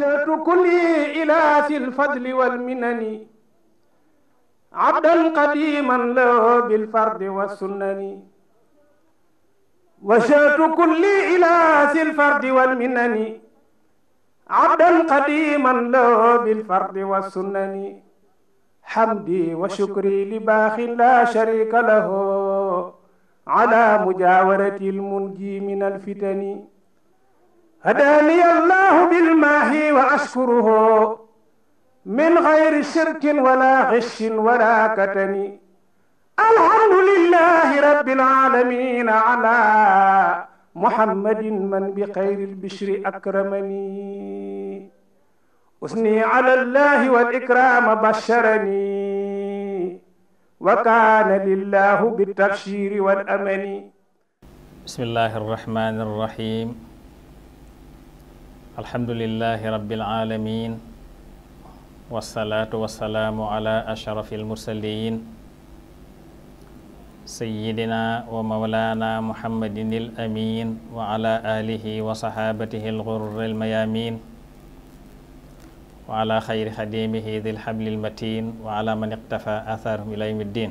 وجهت كلي إلى ذي الفضل والمنن عبدا قديما له بالفرد والسنن وجهت كلي إلى ذي الفرد والمنن عبدا قديما له بالفرد والسنن حمدي وشكري لباخ لا شريك له على مجاورة المنجي من الفتن هداني الله بالماهي وأشكره من غير شرك ولا غش ولا كتم الحمد لله رب العالمين على محمد من بخير البشر أكرمني أثني على الله والإكرام بشرني وكان لله بالتبشير والأمن بسم الله الرحمن الرحيم alhamdulillahi rabbil alamin wasalaatu wasalaamu ala ashrafi almursalin sayyidina wa mawlaana muhammadin il amin wa ala alihi wa sahaabatihi alxurri almayamin wa ala xayri xadimihi dil xabli almatin wa ala man iqtafa atharahum ila yawmi ddin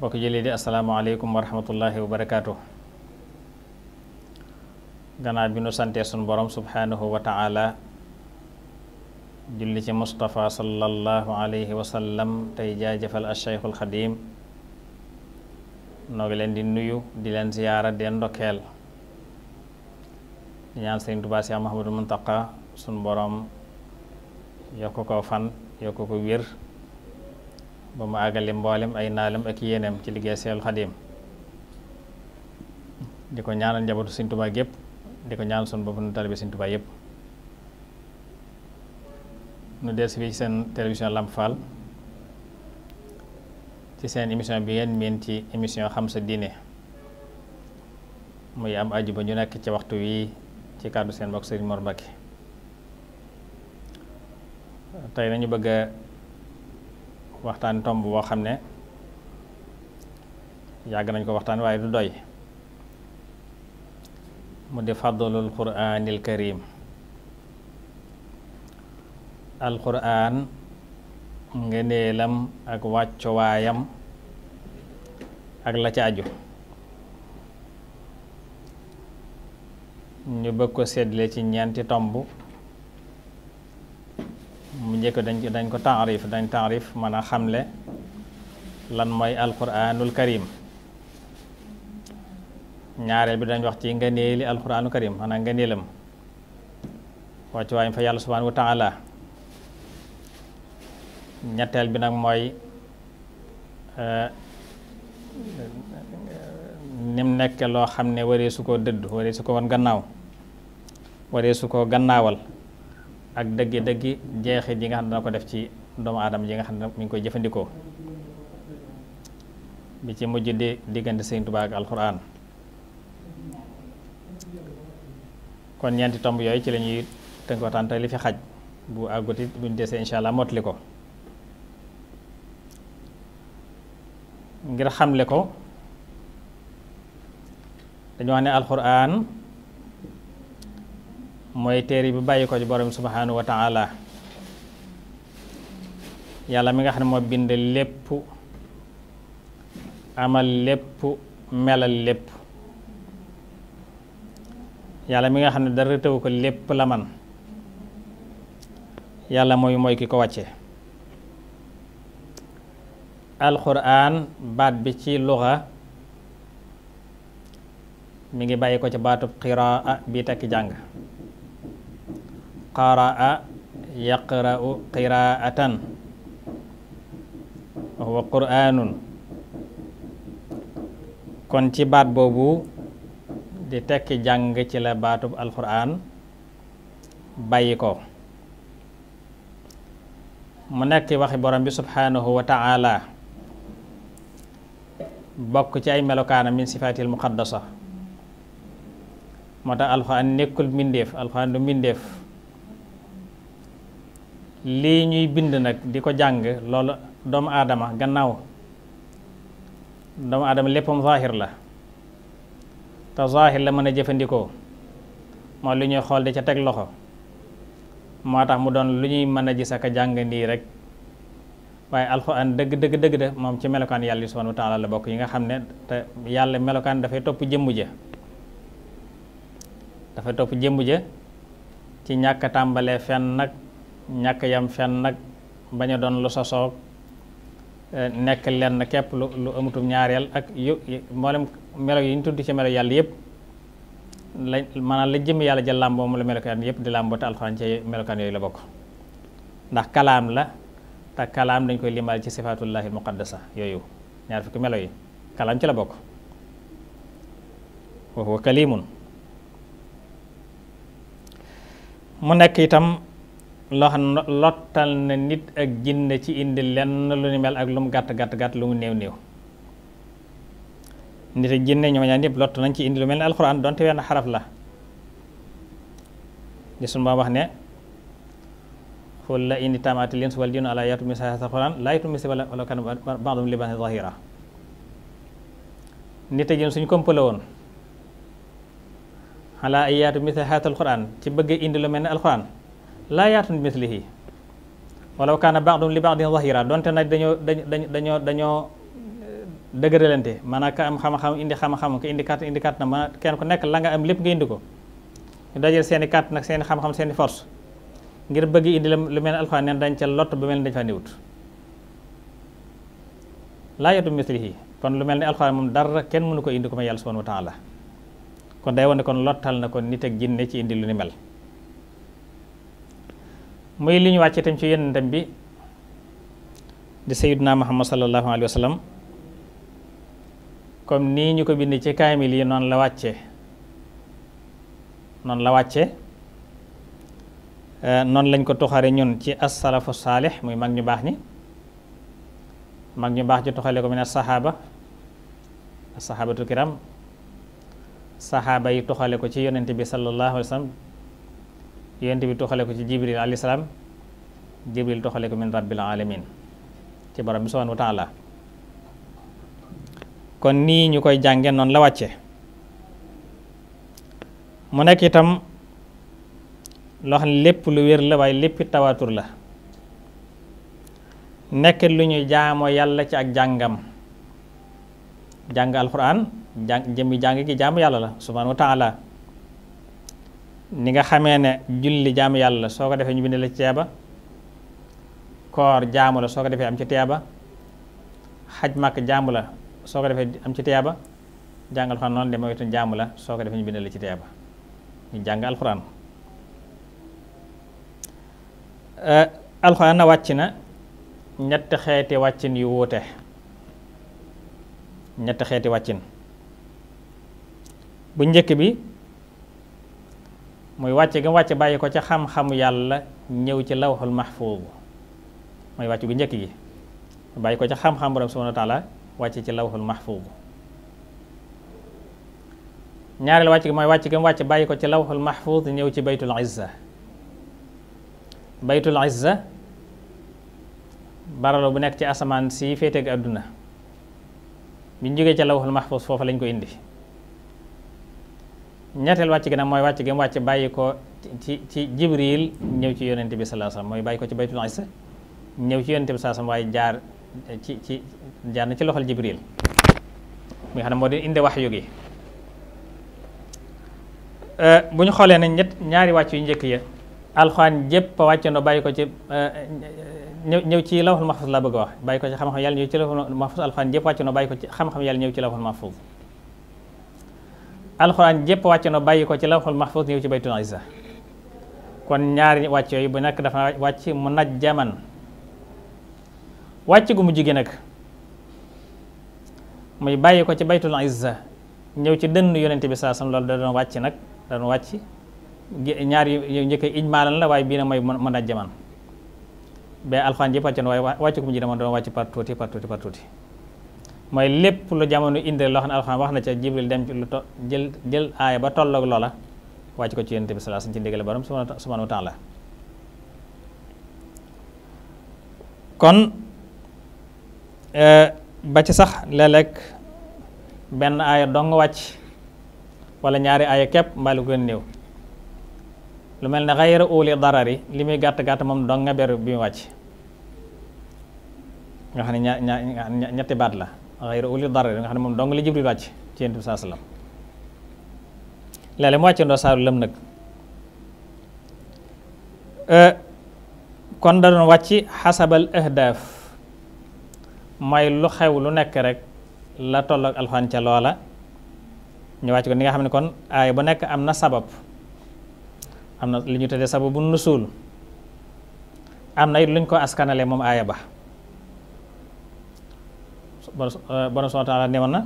bokk jëlee di assalaamu aleykum wa rahmatullahi wa barakatuh gannaaw bi nu santee sunu borom subhaanahu wa ta'ala julli ci Mustafa sallallahu alayhi wa tey jaajëfal al Cheikhul Xadim noo leen di nuyu di leen ziyaara di leen ndokkeel di ñaan Sëriñ Tuubaa Seex Muhammadul Muntaqa sunu borom yokk ko fan yokk ko wér ba mu àggale mboolem ay naalam ak yéeneem ci liggéey Seexul Xadim di ko ñaanal njabootu Sëriñ gépp di ko ñaan sun bopp nu taalibe Sëriñ Tuubaa yëpp nu des fii seen télévision Lamp Fall ci seen émission bi ngeen miin ci émission xam sa diine muy am aju ba ñu nekk ci waxtu wi ci kàddu seen mbokk Sëriñ Mor Mbacke tey nañu bëgg a waxtaan tomb woo xam ne yàgg nañ ko waxtaan waaye du doy mu di fadlul quraanil karim alquraan ngeneelam ak wàccuwaayam ak la ca aju ñu bëgg ko seddle ci ñeenti tomb mu njëkk dañ dañ ko taarif dañ taarif mën a xamle lan mooy alquraanul karim ñaareel bi dañ wax ci ngëneeli alxuraanu karim maanaam ngëneelam wàccu waayam fa yàlla subhaanahu wa taala ñetteel bi nag mooy euh, nim nekk loo xam ne waree su ko dëdd waree su ko woon gannaaw waree su ko gannaawal ak dëggi dëggi jeexit yi nga xam ne dana ko def ci doomu aadama ji nga xam ne mu ngi koy jëfandikoo bi ci mujj di diggante Sëriñ Tuubaa alxuraan kon ñeenti tomb yooyu ci la ñuy tënk li fi xaj bu àgguti buñ desee incha allah ko ngir xamle ko dañu wax ne alxuraan mooy téere bi bàyyi ko ci borom subhanahu wa yàlla mi nga xam ne moo bind lépp amal lépp melal lépp yàlla mi nga xam ne dara tëw ko lépp la man yàlla mooy mooy ki ko wàcce alxuraan baat bi ci luxa mi ngi bàyyi ko ci baatub qiraa bi tekki jàng qaraa yaqra'u qiraatan wa quraanun kon ci baat boobu di tekki jàng ci la baatub alxuraan bàyyi ko mu nekk waxi borom bi subhaanahu wa bokk ci ay melokaanam min sifaatil muqaddasa moo tax alxuraan nekkul mbindeef alxuraan du mbindeef lii ñuy bind nag di ko jàng loolu doomu aadama gannaaw doomu aadama léppam zaahir la te zaahir la mën a jëfandikoo moo lu ñuy xool di ca teg loxo moo tax mu doon lu ñuy mën a gis ak a jàng nii rek waaye alxuraan dëgg dëgg dëgg de moom ci melokaan yàlla subhaanahu wa taala la bokk yi nga xam ne te yàlla melokaan dafay topp jëmm ja dafay topp jëmm ja ci ñàkk tàmbalee fenn nag ñàkk yam fenn nag bañ doon lu sosoog eh, nekk lenn képp lu lu amutum ñaareel ak yu mboolem melo yi ñu tudd ci melo yàlla yëpp la maanaam la jëm yàlla ja làmboo mu la melokaan yëpp di làmboo te alxuraan ci melokaan yooyu la bokk ndax kalaam la te kalaam dañ koy limal ci sifaatullahi muqaddasa yooyu ñaar fukki melo yi kalaam ci la bokk wa huwa mu nekk itam loo xam lottal na nit ak jinne ci indi lenn lu ni mel ak lu mu gàtt gàtt gàtt lu mu néew néew nit ak jinne ñoom ñaan ñëpp lott nañ ci indi lu mel ne alxuraan donte wenn xaraf la di sunu ba wax ne xool la indi taamaati leen su wal jinu àla yaatu misa alxuraan laa yatu misi wala suñ kompale woon yaatu misa xaatal ci bëgg indi lu mel ne alxuraan laa yaatu mislihi wala kaana bandum li bandin zahira donte dañoo dëgëralante maanaam ka am xam-xam indi xam-xam ko indi kat indi kàttan ma kenn ku nekk la nga am lépp nga indi ko ñu dajal seeni i kàttan nag seen i xam-xam seen force ngir bëgg indi lu mel ni alxuraan neen dañ ca lott ba mel ni dañ faa néewut laa yotu mislihi kon lu mel ni alxuraan moom dara kenn mënu ko indi ko ma yàlla subhanahu wa taala kon day wane kon lottal na ko nit ak jinne ci indi lu ni mel muy li ñu wàcce tam ci yonentam bi di sayyidina Muhammad sallallahu alayhi wa sallam comme nii ñu ko bind ci kaamil yi noonu la wàcce noonu la wàcce euh, noonu lañ ko tuxare ñun ci as-salafu saalih muy mag ñu baax ñi mag ñu baax ci tuxale ko min as-sahaaba as-sahaabatu kiram sahaaba yi tuxale ko ci yonent bi sallallahu alayhi wa sallam yonent bi tuxale ko ci jibril alayhi salaam jibril tuxale ko min rabbil alamin ci borom mi subhanahu wa kon nii ñu koy jànge noonu la wàcce mu nekk itam loo xam ne lépp lu wér la waaye léppi tawaatur la nekk lu ñu jaamoo yàlla ci ak jàngam jàng alxuraan jàng jëmmi jàng gi jaamu yàlla la subhaanahu wa taala ni nga xamee ne julli jaamu yàlla soo ko defee ñu bind la ci teeba koor jaamu la soo ko defee am ci teeba xaj màkk jaamu la soo ko defee am ci tiyaaba jàng alxuraan noonu de mooy itam jaamu la soo ko defee ñu bindal ci tiyaaba ñu jàng alxuraan eh, alxuraan na wàcc na ñetti xeeti wàccin yu wuute ñetti xeeti wàccin bu njëkk bi muy wàcce ga wàcce bàyyi ko ca xam-xamu yàlla ñëw ci lawxul mahfuuz mooy wàcc gu njëkk gi bàyyi ko ca xam-xam borom subhaanahu wa taala wàcc ci lawhul mahfuuz ñaareel wàcc gi mooy wàcc gi mu wàcc bàyyi ko ci lawhul mahfuuz ñëw ci baytul izza baytul izza baralo bu nekk ci asamaan si féeteeg àdduna bi ñu ci ca lawhul mahfuuz lañ ko indi ñetteel wàcc gi nag mooy wàcc gi mu wàcc bàyyi ko ci ci jibril ñëw ci yonente bi sallallahu alayhi wasallam mooy bàyyi ko ci baytul izza ñëw ci yonente bi sallallahu alayhi jaar ci ci jaar ci loxol Jibril mi nga moo di indi wax yu euh, bu ñu xoolee ne ñett ñaari wàcc yu njëkk ya alxuraan jépp a wàccandoo bàyyi ko ci euh, ñëw ñëw ci lawhul mahfuz la bëgg wax bàyyi ko ci xam-xam yàlla ñëw ci lawhul mahfuz alxuraan jépp wàccandoo bàyyi ko ci xam-xam yàlla ñëw ci lawhul mahfuz alxuraan jépp wàccandoo bàyyi ko ci lawhul mahfuz ñëw ci baytul izza kon ñaari wàcc yooyu bu nekk dafa wàcc mu najjaman wàcc gu mujj gi nag muy bàyyi ko ci baytul izza ñëw ci dënn yonente bi saa sam loolu da doon wàcc nag da doon wàcc ñaar yu njëkk ijmaalan la waaye bii nag mooy mën a jaman ba alxuraan ji pàccoon waaye wàcc gu mujj dama doon wàcc par tuuti par tuuti par tuuti mooy lépp lu jamono indi loo xam ne wax na ca jibril dem ci to jël jël aaya ba tolloog loola wàcc ko ci yonente bi saa sam ci ndigal borom subhanahu wa taala kon ba ci sax léeg benn aaya dong wàcc wala ñaari aaya képp mbaa lu gën néew lu mel ne xayra uli darari li muy gàtt gàtt moom dong nga bi wàcc nga xam ne baat la xayra uli darari nga xam ne moom dong li jibril wàcc ci yonent bi saa salaam léeg-léeg mu wàcce ndoo saaru lëm nag kon da doon xasabal ahdaaf may lu xew lu nekk rek la tolloog alxuraan ca loola ñu wàcc ko ni nga xam ne kon aaya bu nekk am na sabab am na li ñu tëddee sababu nusuul am na it luñ ko askanale moom aaya ba borom eh, subhaanahu wa taala newoon na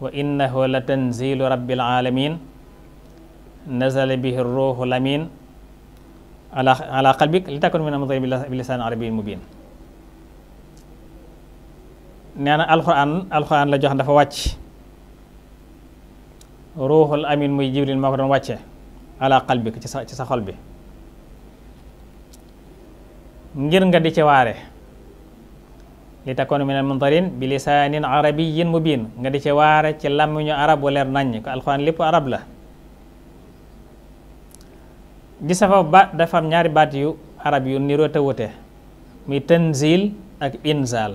wa innahu la tanzilu rabbil alamin nazala bihi ruuhul amin ala ala qalbik li takun mina munzirin bi lisaanin arabiyyin mubiin nee na alxuraan alxuraan la jox dafa wàcc ruuxul amin muy jibril moo ko doon wàcce ala qalbik ci sa ci sa xol bi ngir nga di ci waare li takkoon min al mundarin bi lisaanin arabiyyin mubiin nga di ci waare ci làmmiñu arab wala leer naññ ko alxuraan lépp arab la di safa ba dafa am ñaari baat yu arab yu niroo te wute muy tanzil ak inzal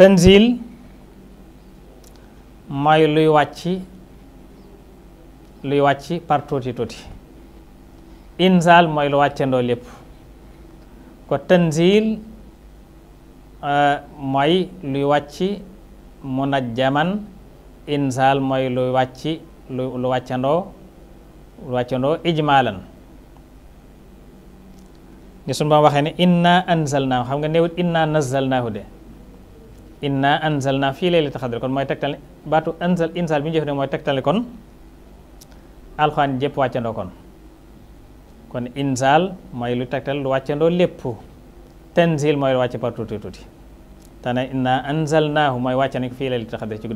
tanzil mooy luy wàcc luy wàcc par tuuti tooti inzal mooy lu wàccandoo lépp ko tanzil euh, mooy luy wàcc munajjaman inzal mooy luy wàcc lu lu wàccandoo lu wàccandoo ijmaalan ni sunu ba waxee ne inna anzalnaahu xam nga néewut inna nazzalnaahu de inna anzalna fii lay laylatul qadr kon mooy tegtal baatu anzal inzal bi ñu jëfandikoo mooy tegtale kon alxuraan jëpp wàccandoo kon kon inzal mooy lu tegtal lu wàccandoo lépp tanzil mooy wàcc par tuuti tuuti te ne inna anzalnaahu mooy wàcce nañ ko fii laylatul qadr ci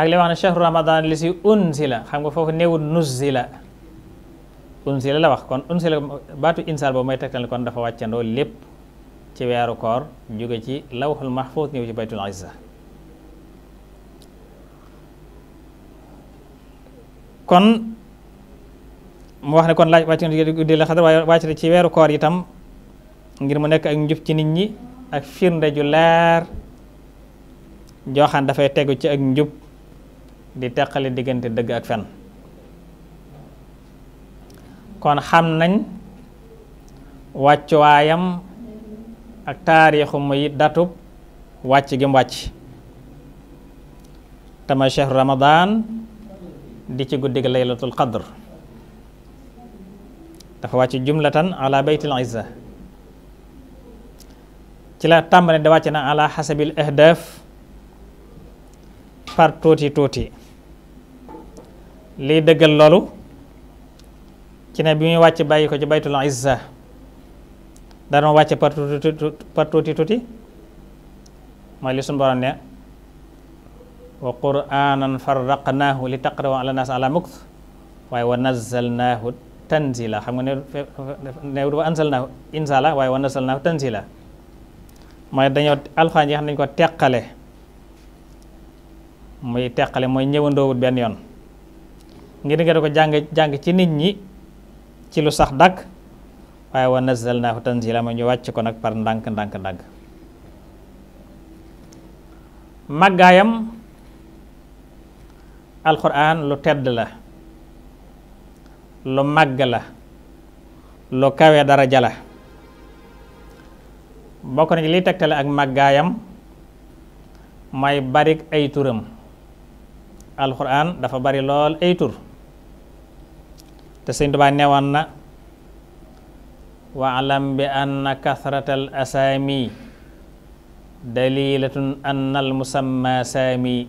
ak li wax ne shahru ramadan li si unzila xam nga foofu néewul nuzila unzila la wax kon unzila baatu inzal boobu mooy tegtal kon dafa wàccandoo lépp ci weeru koor jóge ci lawxul mahfuz ñëw ci baytul izza kon mu wax ne kon laaj wàcc guddi la xadar waaye wàcc ci weeru koor itam ngir mu nekk ak njub ci nit ñi ak firnde ju leer joxaan dafay tegu ci ak njub di teqale diggante dëgg ak fen kon xam nañ wàccuwaayam ak taarixu muy datub wàcc gi wàcc tama chehru ramadan di ci guddi gi laylatul qadr dafa wàcc jumlatan ala baytil izza ci la tàmbali da wàcc na ala xasabil ahdaf par tuuti tuuti liy dëggal loolu ci ne bi muy wàcc bàyyi ko ci baytul izza danoon wàcce par tuuti tuuti mooy li suñu borom ne wa qur'anan farraqnaahu li taqrahu ala nas ala mukth waaye wa nazzalnaahu tanzila xam nga ne wa anzalnaahu inzala waaye wa nazzalnaahu tanzila mooy dañoo alxuraan yi xam nañu ko teqale muy teqale mooy ñëwandoowut benn yoon ngir nga di ko jàng jàng ci nit ñi ci lu sax dàkk waaye wa nazzalnaahu tanzila ma ñu wàcc ko nag par ndànk ndànk ndànk màggaayam alxuraan lu tedd la lu màgg la lu kawe dara jala bokk na ci liy tegtale ak màggaayam mooy barik ay turam alxuraan dafa bari lool ay tur te Sëñ Tuubaa neewoon na waalam bi anna kathratal asaami dalilatun annal musamma saami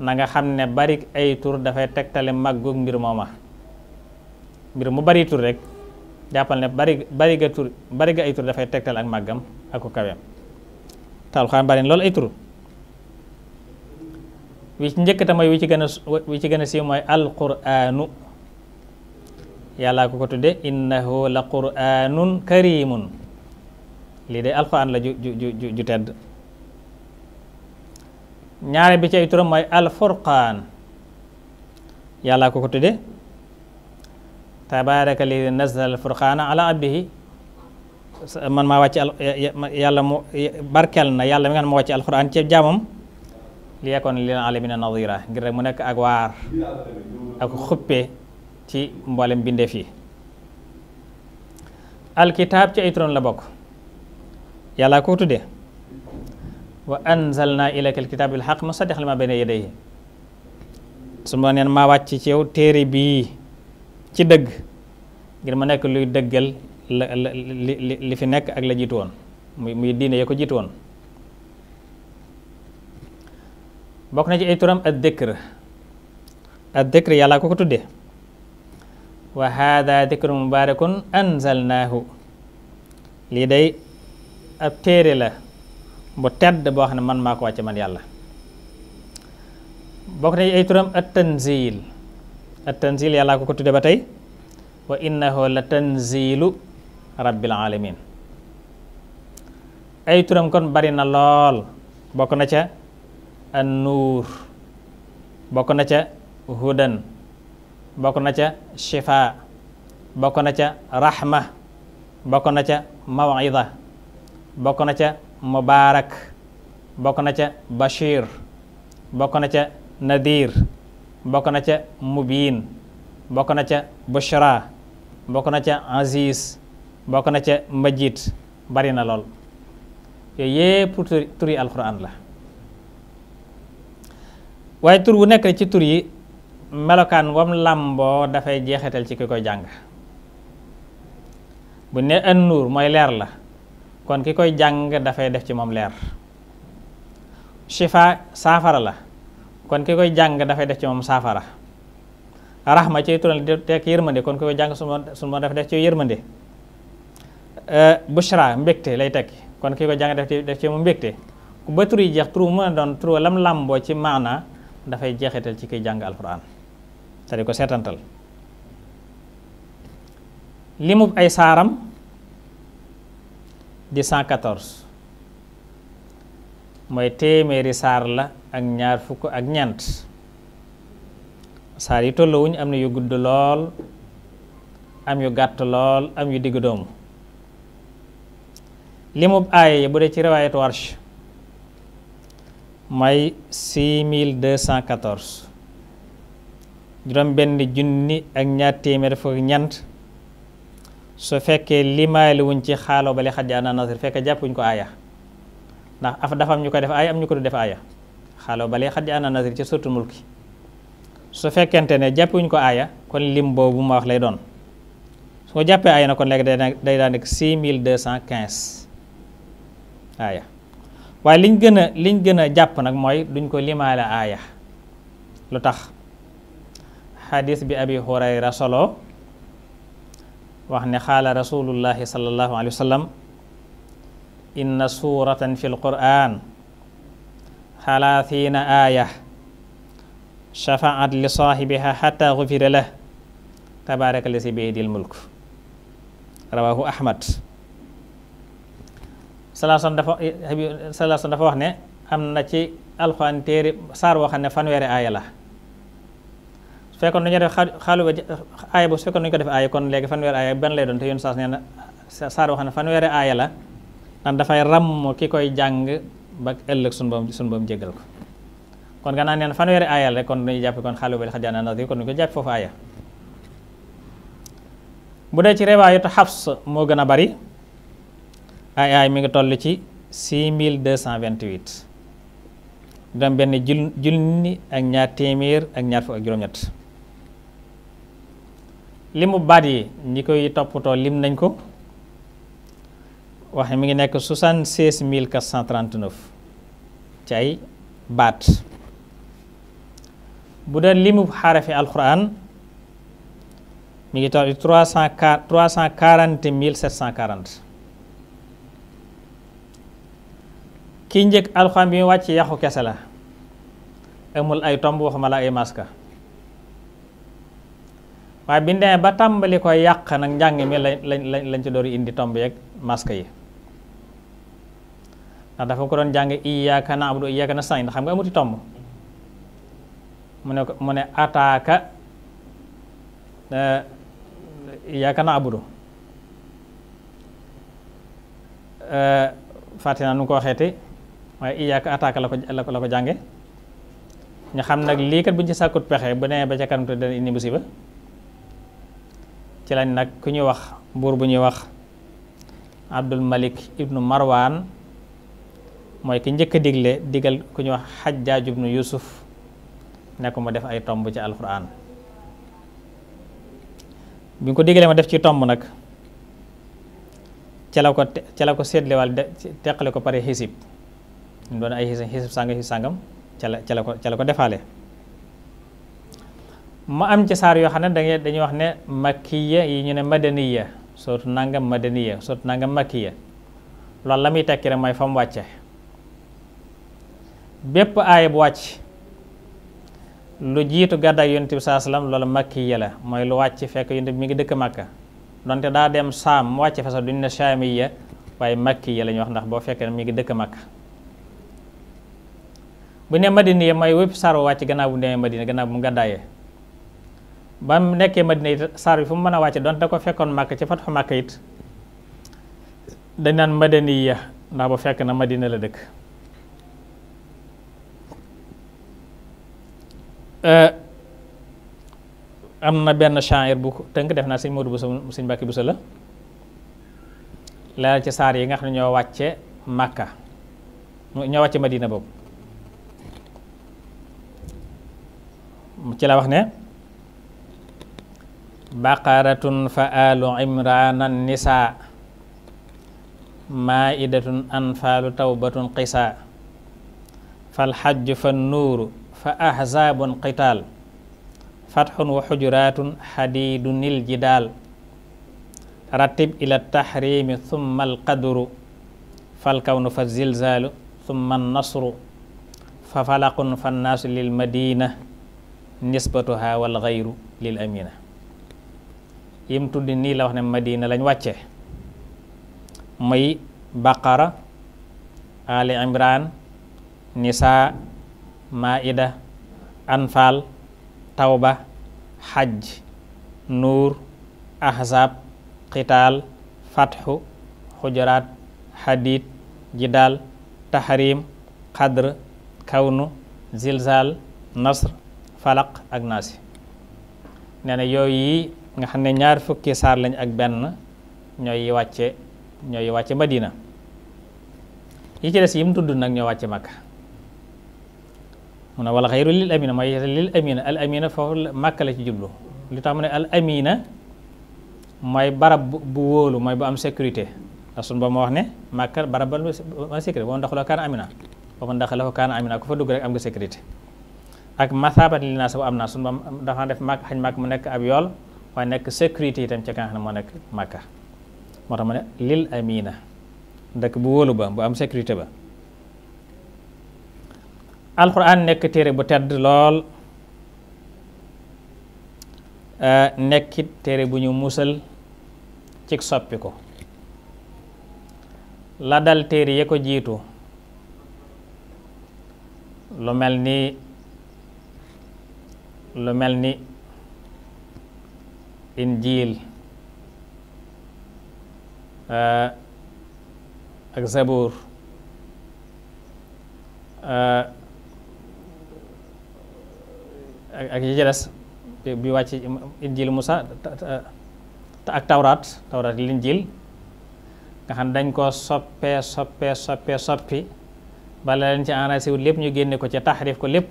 na nga xam ne bari ay tur dafay tegtale màggug mbir mooma mbir mu bari tur rek jàppal ne bari bari ga tur bari ga ay tur dafay tegtale ak màggam ak ko kaweem taal xam bari loolu ay tur wi ci njëkk mooy wi ci gën a wi ci gën yàllaa ko ko tudde innahu la quraanun karimun lii de alquran la ju ju ju ju tedd ñaare bi ci ay turam mooy alfurqaan yàllaa ko ko tudde tabaaraka lii nazala alfurqaana ala abdihi man maa wàcc al yàlla mu barkel na yàlla mi nga xam moo wàcc alquran ci jaamam li yakun lil aalamiina nadira ngir rek mu nekk ak waar ak xuppe ci mboolem bindeef yi alkitaab ci ay la bokk yàlla ko tudde wa anzalna ilayka alkitaab bil haqq musaddiqan lima bayna yadayhi su ma neen maa wàcc ci yow téere bi ci dëgg ngir ma nekk luy dëggal la li li fi nekk ak la jiitu woon muy muy diine ya ko jiitu woon bokk na ci ay turam ad dikr yàlla ko ko tuddee wa haada dikru mubarakun anzalnaahu lii day ab téere la bu tedd boo xam ne man maa ko wàcce man yàlla bokk na ay turam at tanzil at tanzil yàllaa ko ko tudde ba tey wa innahu la tanzilu rabbil alamin ay kon bari na lool bokk na ca an nuur bokk na ca hudan bokk na ca shifaa bokk na ca rahma bokk na ca mawida bokk na ca mubaarak bokk na ca bashir bokk na ca nadir bokk na ca mubiin bokk na ca bushra bokk na ca aziz bokk na ca majid bari na lool yooyu yépp turi alquran la waaye tur wu nekk ci tur melokaan wam làmboo dafay jeexital ci ki koy jàng bu ne an nuur mooy leer la kon ki koy jàng dafay def ci moom leer shifa saafara la kon ki koy jàng dafay def ci moom saafara rahma ci tural tekk yërmande kon ki koy jàng su ma dafa def ci yërmande euh, bushra mbégte lay tekki kon ki koy jàng def def ci moom mbégte ku ba tur jeex tur mu mën a doon tur lam làmboo ci maana dafay jeexital ci kiy jàng alquran te di ko seetantal limu ay saaram di 114 mooy téeméeri saar la ak ñaar fukk ak ñeent saar yi tolluwuñ am na yu gudd lool am yu gàtt lool am yu digg doomu limub aaya yi bu dee ci riwaayatu warsh mooy juróom benn junni ak ñaar téeméer fukk ñant su fekkee limaali wuñ ci xaalo bale xaj ana nasir fekkee jàppuñ ko aaya ndax af dafa am ñu koy def aaya am ñu ko du def aaya xaaloo bale xaj ana nasir ci surtu mulki su fekkente ne jàppuñ ko aaya kon lim boobu ma wax lay doon su ko jàppee aaya na kon léegi day daan nekk six mille deux cent quinze aaya waaye liñ gën a liñ gën a jàpp nag mooy duñ ko limaale aaya lu tax xadis bi abi hurayra solo wax ne xaala rasulullahi sallallahu alayhi wa inna suuratan fi lquran xalaathina aaya shafaat li saahibiha xata gufira lah tabaraka la si biyadil mulk rawahu ahmad na ci alxuraan téere saar woo xam ne aaya la fekkoon nu ñu def xaalu ba aaya bu fekkoon nu ñu ko def aaya kon léegi fanweeri aaya benn lay doon te yoon saas nee na saar wax na fanweeri aaya la ndax dafay ràmm ki koy jàng ba ëllëg sunu boom sunu boom jéggal ko kon gannaaw nee na fanweeri aaya la rek kon dañuy jàpp kon xaalu ba xaj naa ndax kon ñu ko jàpp foofu aaya bu dee ci moo gën a bari ay mi ngi toll ci 6228 dam benn jul junni ak ñaar téeméer ak ñaar ak juróom-ñett limu baat yi ñi koy toppatoo lim nañ ko waxe mi ngi nekk soixante seize mille quatre cent trente ci ay baat bu dee limu xarafi alquran mu ngi toll trois cent trois cent quarante mille sept cent quarante kii njëkk alquran bi mu wàcc yaxu kese la amul ay tomb waxuma la ay maska waaye bi ñu demee ba tàmbali ko yàq nag njàng mi lañ lañ lañ ci door indi tomb yeeg masque yi ndax dafa ko doon jàng iyyaaka na'budu wa iyyaaka nasta'iin xam nga amuti tomb mu ne ko mu ne ataaka eh, iyyaaka na'budu eh, fàtte naa nu ko waxeeti waaye iyyaaka ataaka la ko la ko jànge ñu xam nag lii kat bu ñu ci sàkkut pexe bu nee ba ca kanam te dana indi musiba ci lañ nag ku ñuy wax buur bu ñuy wax Abdul Malik ibnu marwaan mooy ki njëkk digle digal ku ñuy wax jaaju ibnu Yusuf ne ko mu def ay tomb ci alxuraan bi ñu ko digalee ma def ci tomb nag ca la ko ca la ko seetliwaal de teqale ko pare xisib ñu doon ay xisib xisib sàngam ca la ca la ko ca la ko defaale mu am ci saar yoo xam ne dangay dañuy wax ne makkiya yi ñu ne madaniya sootu nangam madaniya sootu nangam makkiya loolu la muy tekki rek mooy fa mu wàcce bépp aaya bu wàcc lu jiitu gàddaay yonent bi saa salaam loolu makkiya la mooy lu wàcc fekk yonent bi mi ngi dëkk makka donte daa dem saam mu wàcce fa sax duñ ne saamiya waaye makkiya la ñuy wax ndax boo fekkee mi ngi dëkk makka bu ne madaniya mooy wépp saar wàcc gannaaw bu demee madina gannaaw bu mu gàddaayee ba mu nekkee Madina it saar bi fu mu mën a wàcce donte ko fekkoon màkk ci fatxu màkk it dañ naan madaniya ndax bu fekk na Madina la dëkk eh, am na benn changer bu tënk def naa sëñ Modou Bousso sëñ bu Bousso la leeral ci saar yi nga xam ne ñoo wàcce màkka ñoo wàcce Madina boobu ci la wax ne baqaratun fa alu imrana nisa maidatun anfalu tawbatun qisa falhajju fa nuuru fa ahzabun qital fathun wa hujuratun hadidunil jidal rattib ila tahrimi thumma alqadru falkawnu fa zilzalu thumma annasru fa falaqun fa nnaasu lil madina nisbatuha wal gayru lil amina yim tudd nii la wax ne madina lañ wàcce muy baqara ali imran nisa maida anfal tawba xajj nuur ahzab qitaal fatxu xujuraat xadiid jidaal tahrim qadr kawnu zilzal nasr falaq ak naasi nee na yooyu nga xam ne ñaar fukki saar lañ ak benn ñooy wàcce ñooy wàcce Madina yi ci des yi mu tudd nag ñoo wàcce Makka mu ne wala xayru lil amina mooy lil amina al amina foofu Makka la ci jublu lu tax mu ne al amina mooy barab bu bu wóolu mooy bu am sécurité ndax sunu ba ma wax ne Makka barab ba am sécurité boo ndaxaloo kaana amina boo ma ndaxaloo kaana amina ku fa dugg rek am nga sécurité ak masaabat li naa sa am naa sunu ba dafa def Makka xañ Makka mu nekk ab yool waaye nekk sécurité yi ca nga xam moo nekk Makka moo tax ma ne lil amina dëkk bu wóolu ba bu am sécurité ba alxuraan nekk téere bu tedd lool euh, nekkit téere bu ñu musal cig soppi ko la dal téere ya ko jiitu lu mel ni lu mel ni injiil eh, ak zabuur eh, ak yi bi wàcc injiil Musa ak tawraat tawraat yi linjiil nga xam dañ koo soppee soppee soppee soppi bala leen ci enraciwul lépp ñu génne ko ci taxrif ko lépp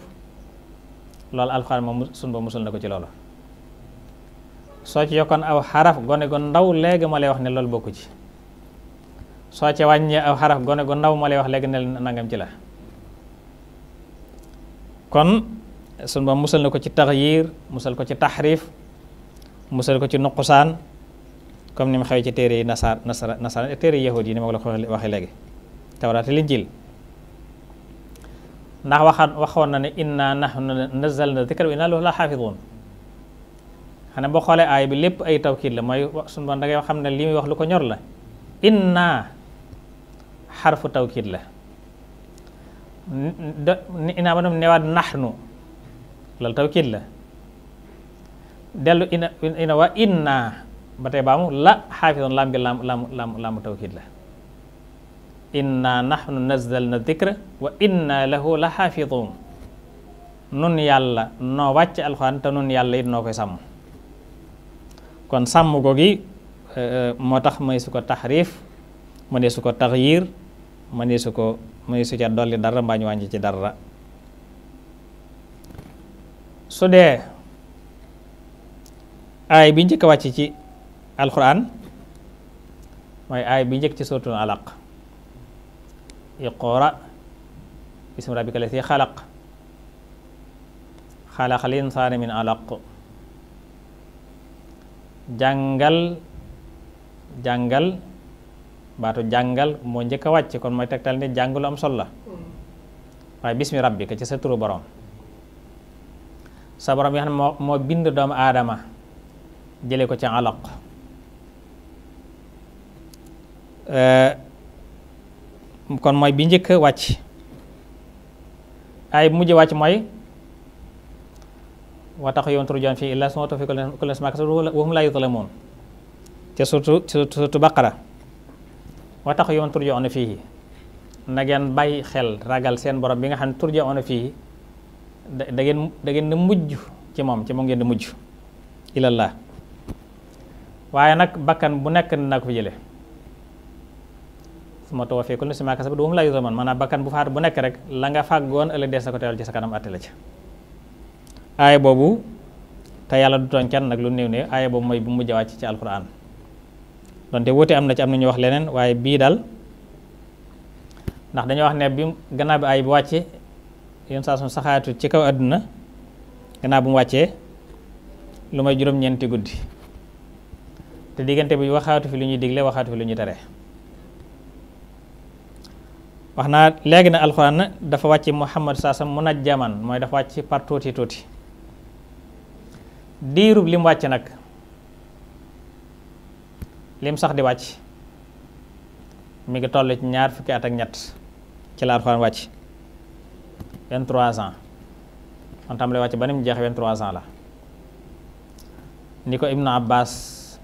loolu alxuraan moom sun ba musul na ko ci loolu soo ci yokkon aw xaraf gone gu ndaw léegi ma lay wax ne loolu bokku ci soo ci wàññee aw xaraf gone gu ndaw ma lay wax léegi ne nangam ci la kon sunu ba musal na ko ci taxyir musal ko ci taxrif musal ko ci nuqusaan comme ni mu xew ci téere yi nasaar nasaar nasaar téere yahud yi ni ma ko la waxee léegi tawraat linjiil ndax waxaan waxoon na ne na inna nahnu nazzalna dikra wa inna lahu la xaafiduun xanaa boo xoolee aay bi lépp ay tawkiid la mooy xam ne li muy wax lu ko ñor la inna xarfu tawkiid la inaa ma nom newaat naxnu la dellu ina ina waa inna ba tey la xaafisoon laam na laam laam laam laamu tawkiid la inna nahnu nazzalna la xaafiduun nun yàlla noo wàcc alxuraan te nun yàlla it noo koy sàmm kon sàmm ko eh, eh, moo tax may su ko taxriif ma ne su ko taxyiir ma ne su ko ma ne su ca dolli dara mbaa ñu wàññi ci dara su dee aay bi njëkk a wàcc ci alquran mooy aay bi njëkk ci suratul alaq iqra bismi rabbika lati xalaq xalaqal insaana min alaq jàngal jàngal baatu jàngal moo njëkk a wàcc kon mooy tegtal ne jàng lu am sol la waaye bismi rabbika ci sa turu borom sa borom yi xam ne moo moo bind doomu aadama jële ko ci alaq kon mooy bi njëkk a wàcc ay bu mujj wàcc mooy tax wa taqayyun turjaan fii illaa suma tawfiq kullu sama kasab wa hum laa yuzlamuun ca surtu surtu baqara wa taqayyun turjauna fii na ngeen bàyyi xel ragal seen borom bi nga xam ne na fii da da ngeen da ngeen di mujj ci moom ci moom ngeen di mujj ilallah waaye nag bakkan bu nekk na ko fi jële suma tawfiq kullu sama kasab wa hum laa yuzlamuun maanaam bakkan bu faatu bu nekk rek la nga fàggoon ëllëg des na ko teewal ci la ca aaya boobu te yàlla du tooñ nag lu néew néew aaya boobu mooy bu mujj wàcc ci alquran donte wuute am na ci am na wax leneen waaye bii daal ndax dañoo wax ne bi gannaaw bi aay bu wàcce yenn saa saxaatu ci kaw àdduna gannaaw bu mu wàccee lu may juróom-ñeenti guddi te diggante bi waxaatu fi lu ñuy digle waxaatu fi lu ñuy tere wax naa léegi na alxuraan dafa wàcc Muhammad saasam mu naj jaman mooy dafa wàcc par tuuti tuuti diirub lim wàcc nag lim sax di wàcc mi ngi toll ci ñaar fukki at ak ñett ci la Alxuraan wàcc 23 ans kon wàcc ba ni ans la ni ko Ibnu Abbas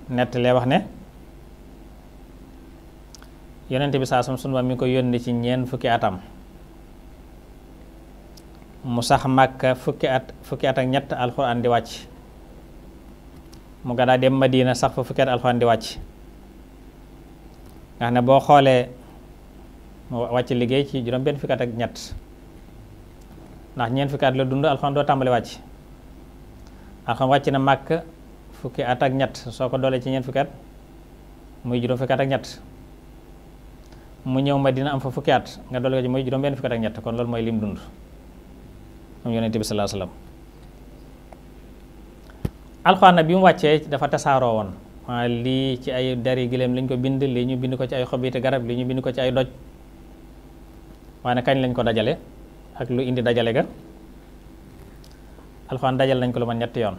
nettalee wax ne yonent bi saa sum sunu mi ngi ko yónni ci ñeent fukki atam mu sax Màkka fukki at fukki at ak ñett Alxuraan di wàcc mu gën a dem Madina sax fa fukkeet alxuraan di wàcc nga boo xoolee mu liggéey ci juróom benn ak ñett ndax ñeent fukki at la dund alxuraan doo tàmbali wàcc alxuraan wàcc na màkk fukki at ak ñett soo ko doolee ci ñeent fukki at muy juróom fukki at ak ñett mu ñëw Madina am fa fukki at nga doole ko ci muy juróom benn fukki at ak ñett kon loolu mooy lim dund moom yonent bi sallallahu alayhi alxuraan bi mu wàccee dafa tasaaroo woon lii ci ay dari gileem lañ ko bind lii ñu bind ko ci ay xobite garab lii ñu bind ko ci ay doj waaye kañ lañ ko dajale ak lu indi dajale ga alxuraan dajale nañ ko lu ma ñetti yoon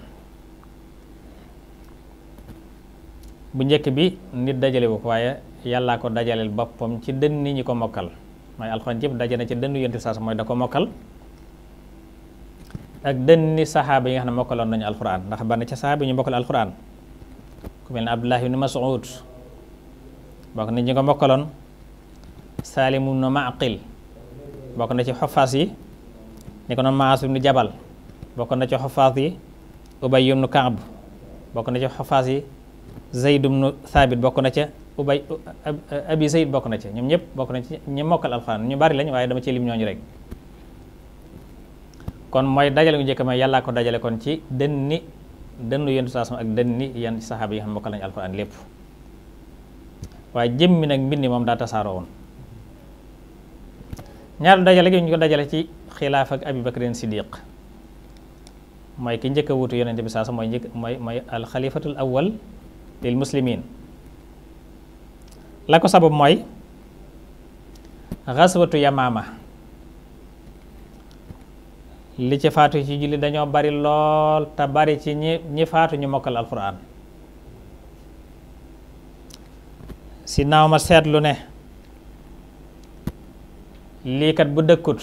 bu njëkk bi nit dajale wu ko waaye yàllaa ko dajaleel boppam ci dënn ñi ko mokkal mooy alxuraan yëpp dajale na ci dënn yonti saas mooy da ko mokkal ak dënni saxaaba yi nga xam ne mokkaloon nañu alquran ndax bari na ca saxaaba ñu mokkal alquran ku mel ne Abdullah ibn Mas'ud bokk na ñi ko mokkaloon Salim ibn bokk na ci xofaas yi ni ko noon Maas ibn Jabal bokk na ci xofaas yi Ubay ibn Ka'b bokk na ca xofaas yi Zayd ibn Thabit bokk na ca Ubay Abi Zayd bokk na ca ñoom ñëpp bokk na ci ñi mokkal alquran ñu bari lañu waaye dama ci lim ñooñu rek kon mooy dajale gu njëkk mooy yàllaa ko dajale kon ci dënni dënnu yenn saa ak dënni yenn saxaaba yi xam ne mokkal nañu alxuraan lépp waaye jëmmi nag mbind moom daa tasaaroo woon ñaaru dajale gi ñu ko dajale ci xilaaf ak abi bakrin siddiq mooy ki njëkk a wuutu yonente bi sa mooy njëkk mooy mooy alxalifatul awal lil muslimin la ko sabab mooy xaswatu yamaama li ci faatu ci julli dañoo bari lool te bari ci ñi ñi faatu ñu mokkal alquran si ma seetlu ne liikat bu dëkkut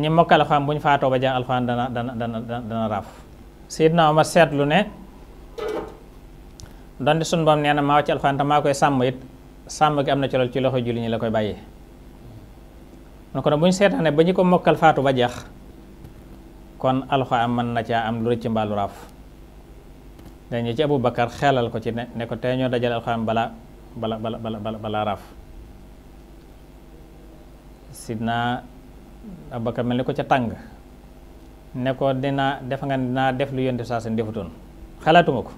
ñi mokkal alquran bu ñu faatoo ba jàng alquran dana dana dana dana raaf si ma seetlu ne donte sunu boom nee na maa wàcc alquran te maa koy sàmm it sàmm gi am na ci lool ci loxo julli ñi la koy bàyyee kon ko ne bu ñu seetaane ba ñu ko mokkal faatu ba jax kon alxuraan mën na caa am lu rëcc mbaa lu raaf dañu ci abou bakar xelal ko ci ne ne ko tey ñoo dajale alxuraan balaa bala bala bala balaa raaf sidna abou bakar mel ni ko ca tàng ne ko dinaa def nga dinaa def lu yonte saa seen defutoon xalaatuma ko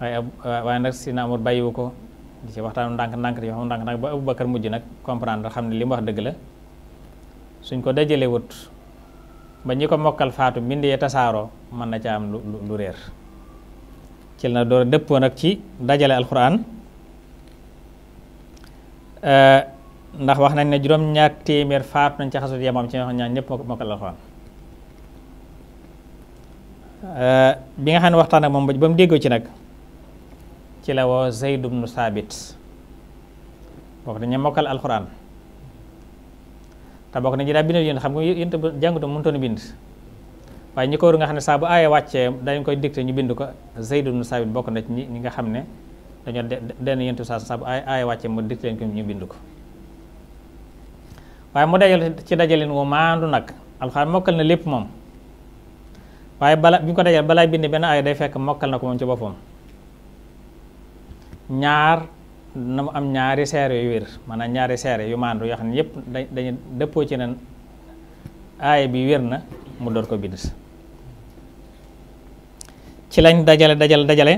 waaye waaye nag sidna amur bàyyiwu ko di ci waxtaan ndànk-ndànk di wax ndànk-ndànk ba Aboubacar mujj nag comprendre xam ne li mu wax dëgg la suñ ko dajalee wut ba ñi ko mokkal faatu mbind yee tasaaroo mën na ca am lu lu réer ci la door dëppoo nag ci dajale alxuraan euh, ndax wax nañ ne juróom-ñaar téeméer faatu nañ ca xasut yamam ci wax ñaan ñëpp mokkal alxuraan euh, bi nga xam ne waxtaan ak moom ba mu déggoo ci nag ci la woo Zayd ibnu Saabit bokk nañu mokkal alxuraan te bokk nañu daa bindal yéen xam nga yéen itam jàngut mënutoon bind waaye ñi ko war nga xam ne saabu bu wàcce dañ koy dicté ñu bind ko Zayd ibnu Saabit bokk na ci ñi nga xam ne dañoo den yentu saa saa bu aaya wàcce mu dicté leen ñu bind ko waaye mu dajal ci dajalin wu maandu nag alxuraan mokkal na lépp moom waaye bala bi ñu ko dajal balaa bind benn aaya day fekk mokkal na ko moom ci boppam ñaar na mu am ñaari seere yu wér maanaam ñaari seere yu maandu yoo xam ne yëpp dañu dëppoo ci nen aaya bi wér na mu door ko bind ci lañ dajale dajale dajale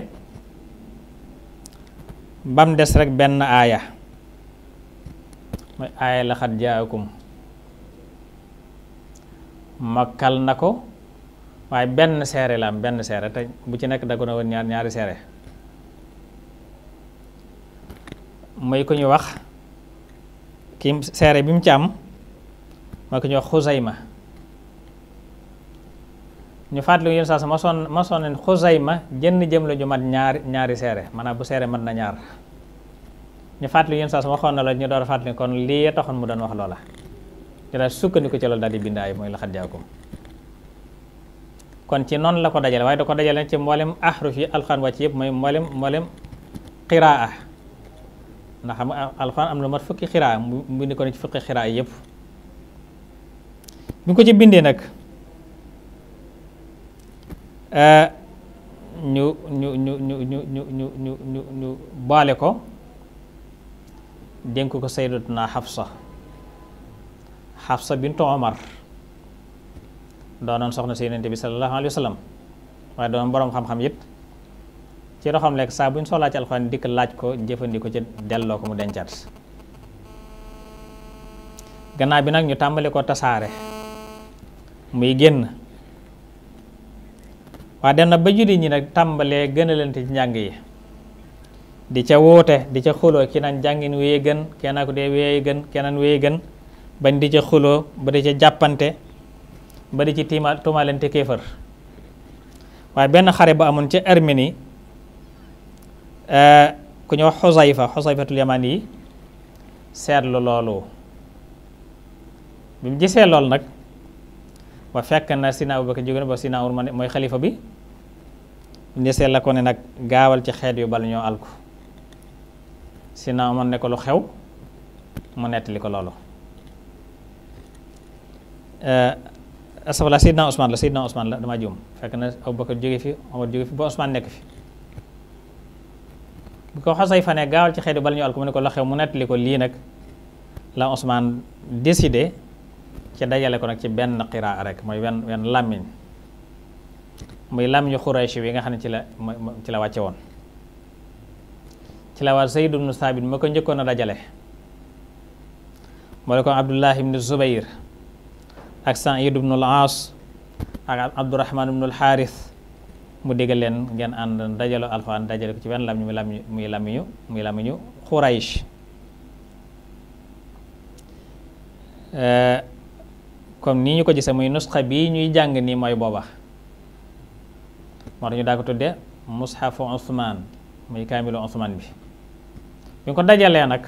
bam des rek benn aaya mooy aaya la xat jaakum makkal na ko waaye benn seere la am benn seere te bu ci nekk da ko na ñaar ñaari seere muy ku ñu wax ki seere bi mu ci am mooy ku ñu wax ma ñu fàttali yéen saa sa masoon masoon nañ ma jënn jëm la ju mat ñaari ñaari seere maanaam bu seere mat na ñaar ñu fàttali yéen saa sa waxoon na la ñu door a fàttali kon lii taxoon mu doon wax loola ñu sukkandiku ci loolu daal di bindaay mooy laxat jaakum kon ci noonu la ko dajale waaye da ko dajale ci mboolem ahruf yi alxuraan wàcc yëpp mooy mboolem mboolem qiraa ndax xam nga alxuraan am na mat fukki xiraa mu bind ko ne ci fukki xiraa yëpp bi ko ci bindee nag eh, ñu ñu ñu ñu ñu ñu ñu ñu ñu ñu baale ko dénk ko sayyidatuna Xafsa Xafsa bintu Omar doonoon soxna si Yonent bi sallallahu alayhi wa sallam waaye doonoon boroom xam-xam it ci roxam lekk saa bu ñu soxlaa ci alxuraan dikk laaj ko jëfandikoo ci delloo ko mu dencaat gannaaw bi nag ñu tàmbali ko tasaare muy génn waa dem na ba jullit ñi nag tàmbalee gënalante ci njàng yi di ca woote di ca xuloo ki naan njàngin wee gën kenn ko dee wee gën keneen wee gën bañ di ca xuloo ba di ca jàppante ba di ci tiima tuumaalante kéefër waaye benn xare ba amoon ca Arménie Eh, ku ñu wax fa xusayfatul yamaan yi seetlu loolu bi mu gisee lool nag ba fekk na sina abubakar jóge na ba mooy xalifa bi nisee la ko ne nag gaawal ci xeet yu bal ñoo alku sina umar ne ko xew mu nettali ko loolu eh, asafala sidna usman la sidna la dama juum fekk na abubakar jóge fi ba usman nekk fi bu ko xosay fa ne gaawal ci xeetu bala ñu al ko mu ne ko mu nettali ko lii nag la Ousmane décidé ci dajale ko nag ci benn qiraa rek mooy wenn wenn làmmiñ muy làmmiñu Xurayshi bi nga xam ne ci la la wàcce woon ci la waa Zayd ibn Saabit ma ko njëkkoon a dajale moo la ko Abdullah ibn Zubayr ak Saïd ibn al-Aas ak Abdurahman ibn al mu dégg leen ngeen ànd dajalo alxuraan dajale ko ci benn làmmiñ muy làmmiñu muy lamiñu Xuraysh eh, comme nii ñu ko gisee muy nusxa bi ñuy jàng nii mooy booba moo tax ñu daa ko tudde mushafu Usmaan muy kaamilu Usmaan bi ñu ko dajalee nag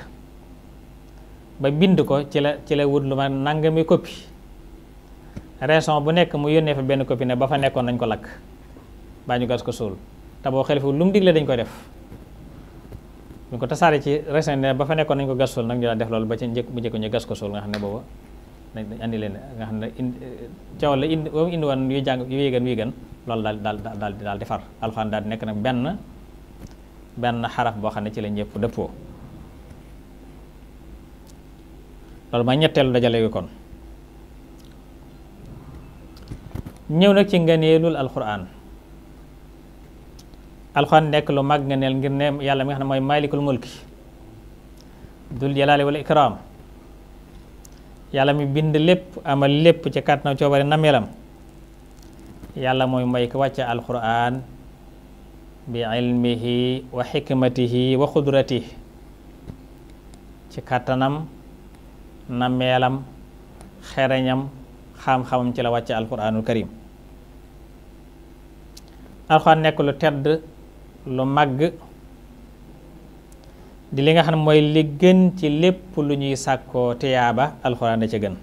ba bind ko ci la ci la wutlu lu ma nangami copie raison bu nekk mu yónnee fa benn copie ne ba fa nekkoon nañ ko lakk baa ñu gas ko suul te boo xelifu lu mu digle dañ koy def ñu ko tasaare ci resen ne ba fa nekkoon nañ ko gas suul nag ñu daan def loolu ba ci njëkk bu njëkk ñu gas ko suul nga xam ne booba dañ leen nga ne indi la indi boobu indi woon yu jàng loolu daal daal daal daal di far alxuraan daal nekk nag benn benn xaraf boo xam ne ci lañ ñëpp dëppoo loolu mooy ñetteelu dajale gi kon ñëw nag ci ngëneelul alxuraan alxuraan nekk lu mag nga neel ngir ne yàlla mi nga xam ne mooy maalikul mulki dul jalaali wala ikraam yàlla mi bind lépp amal lépp ci kàttan coobare nameelam yàlla mooy may ko wàcce alxuraan bi ci kàttanam nameelam xereñam xam-xamam ci la wàcce alxuraanul karim alxuraan nekk lu tedd lu màgg di li nga xam ne mooy li gën ci lépp lu ñuy sàkkoo tiyaaba alxuraan da gën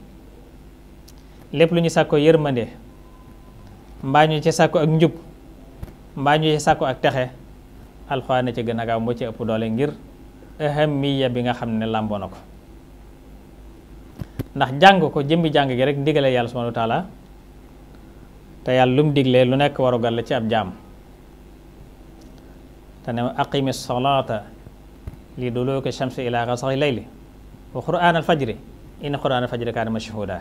lépp lu ñuy sàkkoo yërmande mbaa ñu ci sàkko ak njub mbaa ñu ci sàkko ak texe alxuraan da ca gën a gaaw moo ci ëpp doole ngir ahamiya bi nga xam ne làmboo na ko ndax jàng ko jëmbi jàng gi rek ndigale yàlla subhanahu wa taala te yàlla lu mu diglee lu nekk warugal la ci ab jaam te ne aqimi salaata li duluuki shamsi ilaa ghasaqi layli wa qur'aan al-fajri qur'aan al-fajri kaana mashhuuda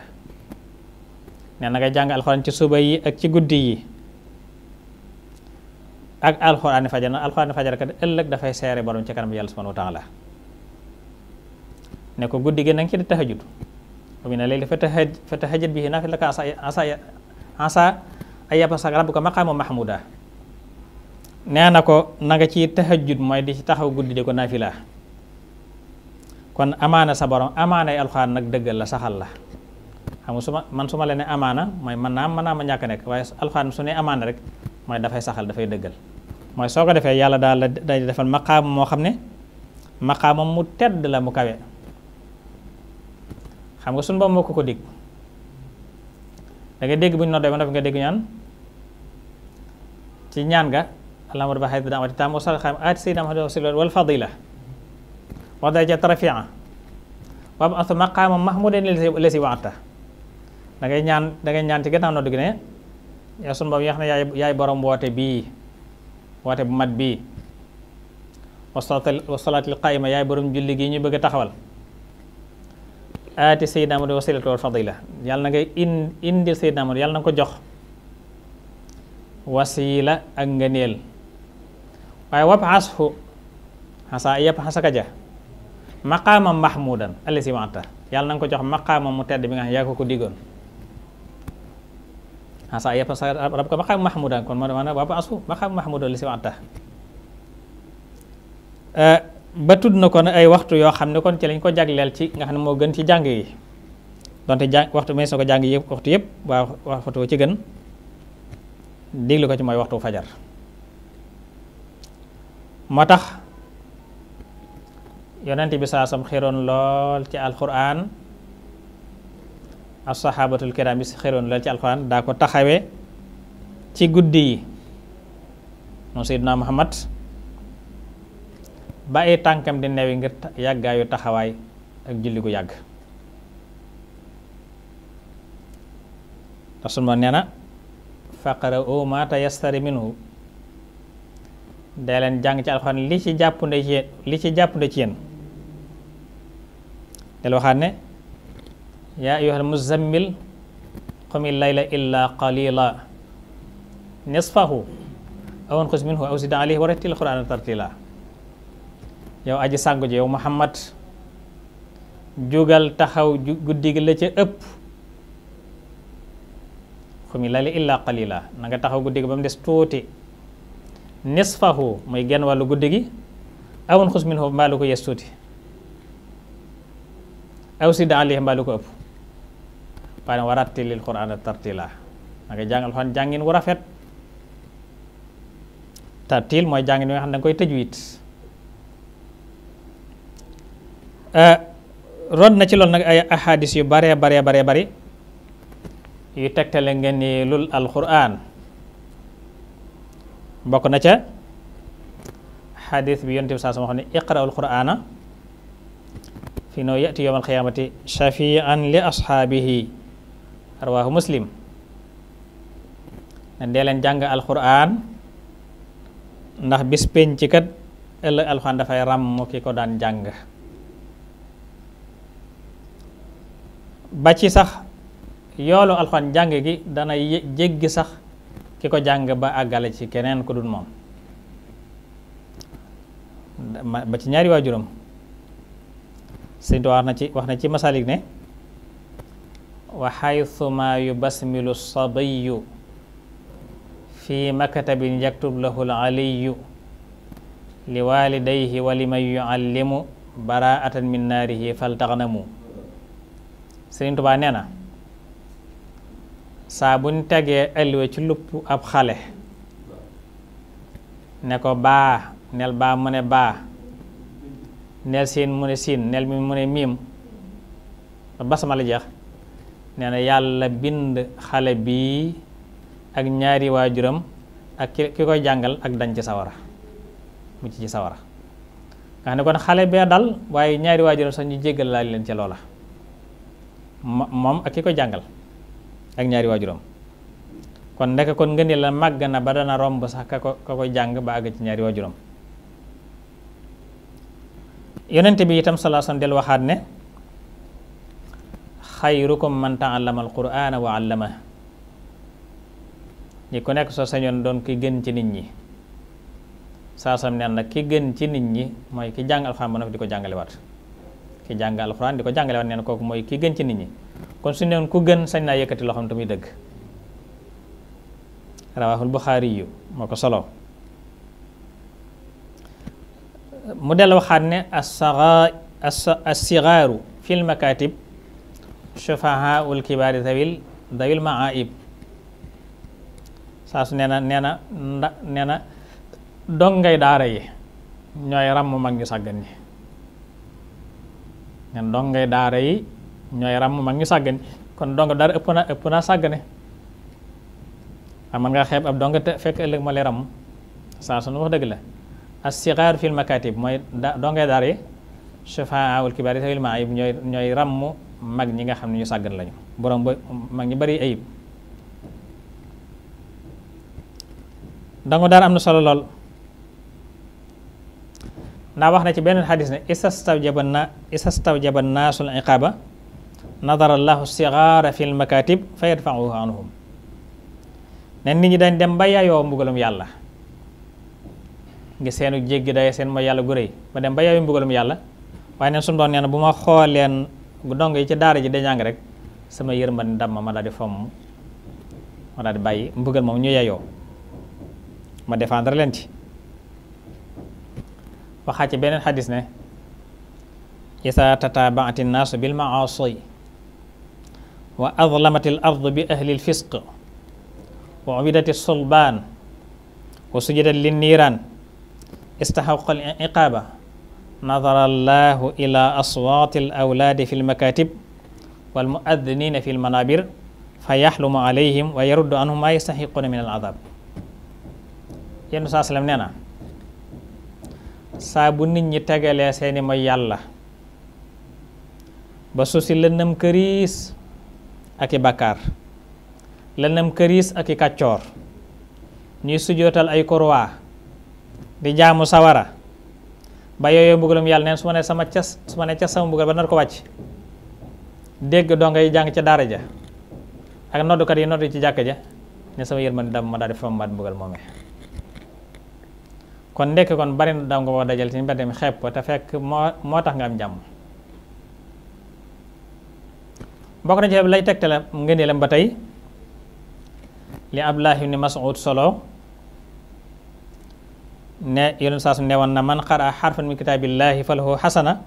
nee na alxuraan ci suba yi ak ci guddi yi ak alxuraan fajar na alxuraan fajar ëllëg dafay seere borom ci kanam yàlla subhaanahu wa taala ne ko guddi gi na nga di tahajjud wa mina layli fatahajjad bihi naafilatan laka asaa asaa asaa an yab'asaka rabbuka maqaaman mahmuuda nee ko na nga ci tahajjud mooy di ci taxaw guddi di ko naafila kon amaana sa borom amaanay alxaan nag dëggal la saxal la xam nga su ma man su ma la ne amaana mooy mën naa mën ma ñàkk nekk waaye alxuraan su ne amaana rek mooy dafay saxal dafay dëggal mooy soo ko defee yàlla daal la day defal makaamu moo xam ne maqaamam mu tedd la mu kawe xam nga suñ ba moo ko dégg da dégg bu ñu noddee ba nga dégg ñaan ci ñaan ga اللهم رب هذه الدعوة التامة والصلاة آت سيدنا محمد وسلم والفضيلة ودرجة رفيعة وابعث مقاما da ngay ñaan da ñaan ci gannaaw noddu gi ne yow sunu bu mat bii wa salaatil yaay borom julli gii bëgg taxawal aati sayyidina Muhammad wasilatu wal fadila yàlla na ngay in indil sayyidina Muhammad yàlla na nga ko jox wasila ak ngëneel waaye wabxashu xasa yabxasaka ja maqaama mahmudan allasi wa'adta yàlla na ko jox maqaama mu tedd bi nga xam yaa ko ko diggoon xasa yabxasaka rabbuka maqaama mahmudan kon moo maanaam wabxashu maqaama mahmudan allasi wa'adta eh, ba tudd na kon ay waxtu yoo xam ne kon ci lañ ko jagleel ci nga xam ne moo gën ci jàng yi donte jàng waxtu mees na ko jàng yëpp waxtu yëpp waa waxtu ci gën déglu ko ci mooy waxtu fajar moo tax yonent bi saasam xiroon lool ci alquran as saxaabatul kiram bi xiroon lool ci alquran daa ko taxawee ci guddi yi moom sayyidina Muhammad ba ay tànkam di newi ngir yàggaayu taxawaay ak julli gu yàgg tax sun ma nee na faqara o ma dee jàng ci alxuraan li ci jàppande li ci jàppande ci yéen del waxaat ne yaa ayyuhal muzammil qumil layla illa qalila nisfahu aw anqus minhu aw zid alayhi wa rattil alxuraana tartila yow aji sàngu ji Muhammad jugal taxaw guddi la ca ëpp xumi lali illa qalila na taxaw guddi gi ba mu des tuuti nisfahu muy genn wàllu guddi gi awun xus minhu mbaa lu ko yes tuuti aw si da alayhi mbaa lu ko ëpp waaye wa rattilil qur'ana tartila da nga jàngal xan jàngin wu rafet tartil mooy jàngin wi xam ne da nga koy tajwid rod na ci loolu nag ay ahadis yu baree baree bare bari yu tegtale ngeen ni lul alquran bokk na ca xadis bi yonent bi saa sama wax ne iqraul qur'ana fi noo yati yowm alqiyamati shafian muslim ne leen jàng alquran ndax bis penc kat ëllëg alquran dafay ràmm ki ko daan jàng ba ci sax yoolu alquran jàng gi dana jéggi sax ki ko jàng ba àggal ci keneen ku dul moom ba ci ñaari waajuram sëñ wax na ci wax na ci masalik ne wa xaytuma yubasmilu sabiyu fi maktabin yaktub lahu aliyu li walidayhi wa liman yuallimu baraatan min naarihi faltaxnamu sëñ Tuubaa nee saa bu buñ tegee alluwa ci lupp ab xale ne ko baa nel baa mu ne baa nel siin mu ne siin nel miim mu ne miim basama la jeex nee na yàlla bind xale bii ak ñaari waajuram ak ki ki koy jàngal ak dañ ci sawara mu ci ci sawara nga xam ne kon xale bee dal waaye ñaari waajuram sax ñu jéggal laaj leen ci loola moom ak ki koy jàngal ak ñaari waajuram kon ndeke kon ngeen la màgg na ba dana romb sax ka ko ka koy jàng ba àgg ci ñaari waajuram yonente bi itam sallallahu alayhi wasallam del waxaat ne xayrukum man ta'allama wa 'allama ñi ku nekk soo sañoon doon ki gën ci nit ñi saasam neen na ki gën ci nit ñi mooy ki jàng alxuraan ba noppi di ko jàngalewaat ci jàng alxuraan di ko jàngale waat neen kooku mooy ki gën ci nit ñi kon su newoon ku gën sañ naa yëkkati loo te muy dëgg rawaxul buxaari yu moo ko solo mu del waxaat ne assigaaru fil makatib shufahaul kibaari dawil dawil maaib saa su nee na nee na nda nee na dongay daara yi ñooy ràmm mag ñu sàggan ñi ne ndongay daara yi ñooy ràmm mag ñu sàggane kon ndongo daara ëpp na ëpp naa sàggane man ngaa xeeb ab ndongo te fekk ëllëg ma lay ràmm saa su wax dëgg la as-sigaar fil makaatib mooy ndongay daara yi sufaa wal kibaar yi ñooy ñooy mag ñi xam ne ñu sàggan lañu borom ba mag ñi bari am na solo lool ndax wax na ci beneen xadis ne istawjaba na istawjaba naasul iqaaba nadara allahu sigaara fil makatib fa yadfauhu anhum ne nit ñi dañ dem ba yaayoo mbugalum yàlla ngi seenu jéggi day seen mooy yàlla gu rëy ba dem ba yaayoo mbugalum yàlla waaye neen sumu doon nee bu ma xooleen dong yi ci daara ji dañaa ngi rek sama yërmande dam ma ma daal di fomm ma daal di bàyyi mbugal moom ñu yaayoo ma défendre leen ci waxaat ci beneen xadis ne isa tatabaati nnaasu bil maasi wa adlamati l ardu bi ahli l fisq wa ubidati sulbaan wa sujidat lin niiraan istaxaqa al iqaaba nadara allahu ila aswaati al awlaadi fi lmakatib wal muaddinina fi lmanabir fa yaxlumu alayhim wa yaruddu anhum ma yastaxiquuna min al adab yenn saa sallam nee na saa bu nit ñi tegalee seeni mooy yàlla ba suuf si lëndëm këriis ak i bakkaar lëndëm këriis ak i kàccoor ñuy sujootal ay korwaa di jaamu sawara ba yooyu mbugalum yàlla neen su ma nee sama cas su ma ne cas sama mbugal ba nar ko wàcc dégg doo ngay jàng ca daara ja ak noddukat yi noddu ci jàkk ja ne sama yërmande dam ma daa di fa ma mbaat mbugal moomee kon ndekki kon bari na dam nga boo dajal ci mbedd mi xeeb ko te fekk moo moo tax nga am jàmm bokk na ci lay tegtale ngëneelam ba tey li Abdullah ibn Mas'ud solo ne yonent saa su na man xara xarfan min kitaabillahi falahu xasana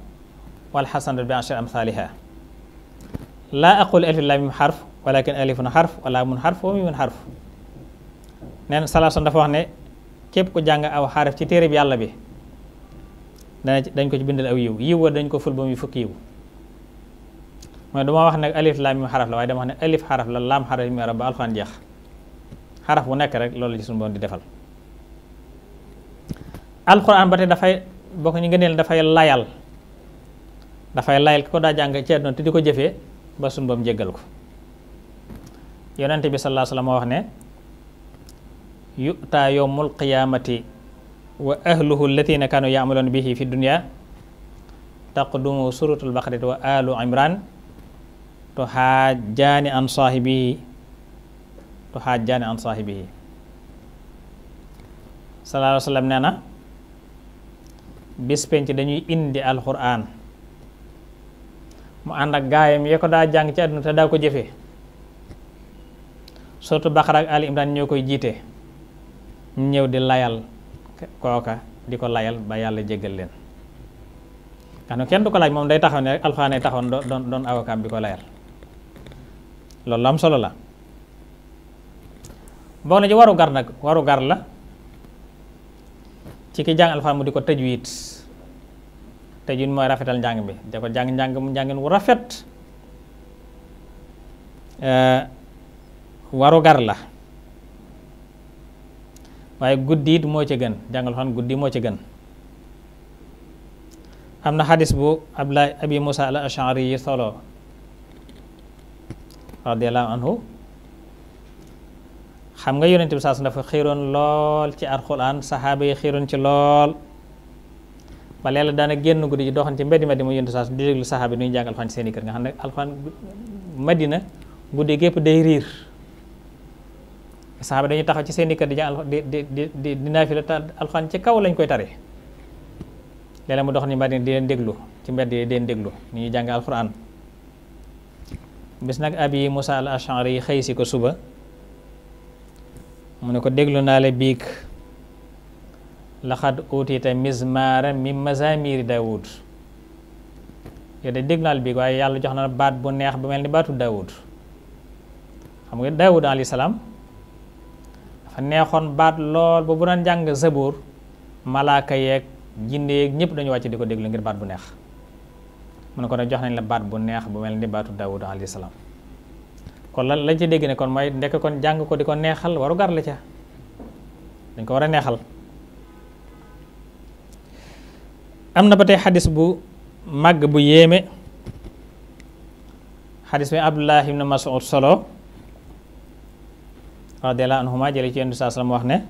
wal xasanatu bi ashri amsaaliha laa aqul alif lam mim xarf walakin alifun xarf wala mun xarf wa mimun xarf neen salaason dafa wax ne képp ku jàng aw xaraf ci téere bi yàlla bi dana dañ ko ci bindal aw yiw yiw wa dañ ko ful ba muy fukki yiw mooy duma wax nag alif laam mim xaraf la waaye dama wax ne alif xaraf la laam xaraf mim arab ba alxuraan jeex xaraf bu nekk rek loolu ci suñu boon di defal alxuraan ba tey dafay bokk ñu ngëneel dafay layal dafay layal ki ko daa jàng ci àdduna te di ko jëfee ba suñu boom jéggal ko yonente bi sallallahu alayhi wa moo wax ne yu'taa yawmal qiyaamati wa ahluhu allatina kaanu yaamaluuna bihi fi dunya taqdumu suratul baqara wa alu imran tuhajjaani an saahibihi tuhajjaani an saahibihi sallallahu alayhi wa sallam nee na bis penc dañuy indi alquran mu ànd ak yee ko daa jàng ci àdduna te daa ko jëfe suratul baqara ak ali imran ñoo koy jiite ñëw di layal kooka di ko layal ba yàlla jéggal leen xanaa kenn du ko laaj moom day taxaw ne alxaanay taxaw doon doon avocat bi ko layal loolu am solo la boo na ci waru gar nag waru gar la ci ki jàng alxuraan mu di ko tajwiid tajwiid mooy rafetal njàng bi da ko jàng njàng mu njàngin wu rafet eh, waru gar la waaye guddi it moo ci gën jàngal xan guddi moo ci gën am na xadis bu Abdullah abi Musa al Ashari yi solo radiallahu anhu xam nga yonente bi saas dafa xëroon lool ci alxuraan saxaaba yi xiiroon ci lool ba léeg-léeg daana génn guddi ji doxan ci mbedd ma di mu yonent saas di déglu saxaaba yi nuy jàngal xan ci kër nga xam ne alxuraan Madina guddi gépp day riir saxaaba dañuy taxaw ci seeni kër di jàng di di di di di naafila ta alxuraan ci kaw lañ koy tare léeg-léeg mu dox ni mbedd di leen déglu ci mbedd yi di leen déglu ni ñuy jàng alxuraan bis nag abi Musa al yi xëy si ko suba mu ne ko déglu naa la biig laxad uutita mizmaara mi mazamiri Daawud yow de déglu naa la biig waaye yàlla jox na baat bu neex bu mel ni baatu Daawud xam nga Daawud alayhi salaam neexoon baat lool ba bu doon jàng zabur malaaka yeeg jinne yeeg ñëpp dañu wàcc di ko déglu ngir baat bu neex mu ne ko ne jox nañ la baat bu neex bu mel ni baatu Daawud alayhi salaam kon lan lañ ci dégg ne kon mooy ndekk kon jàng ko di ko neexal waru gar la ca dañ ko war a neexal am na ba tey xadis bu màgg bu yéeme xadis bi Abdullah ibn Mas'ud solo radiallahu anhuma jële ci yenn saa salaam wax ne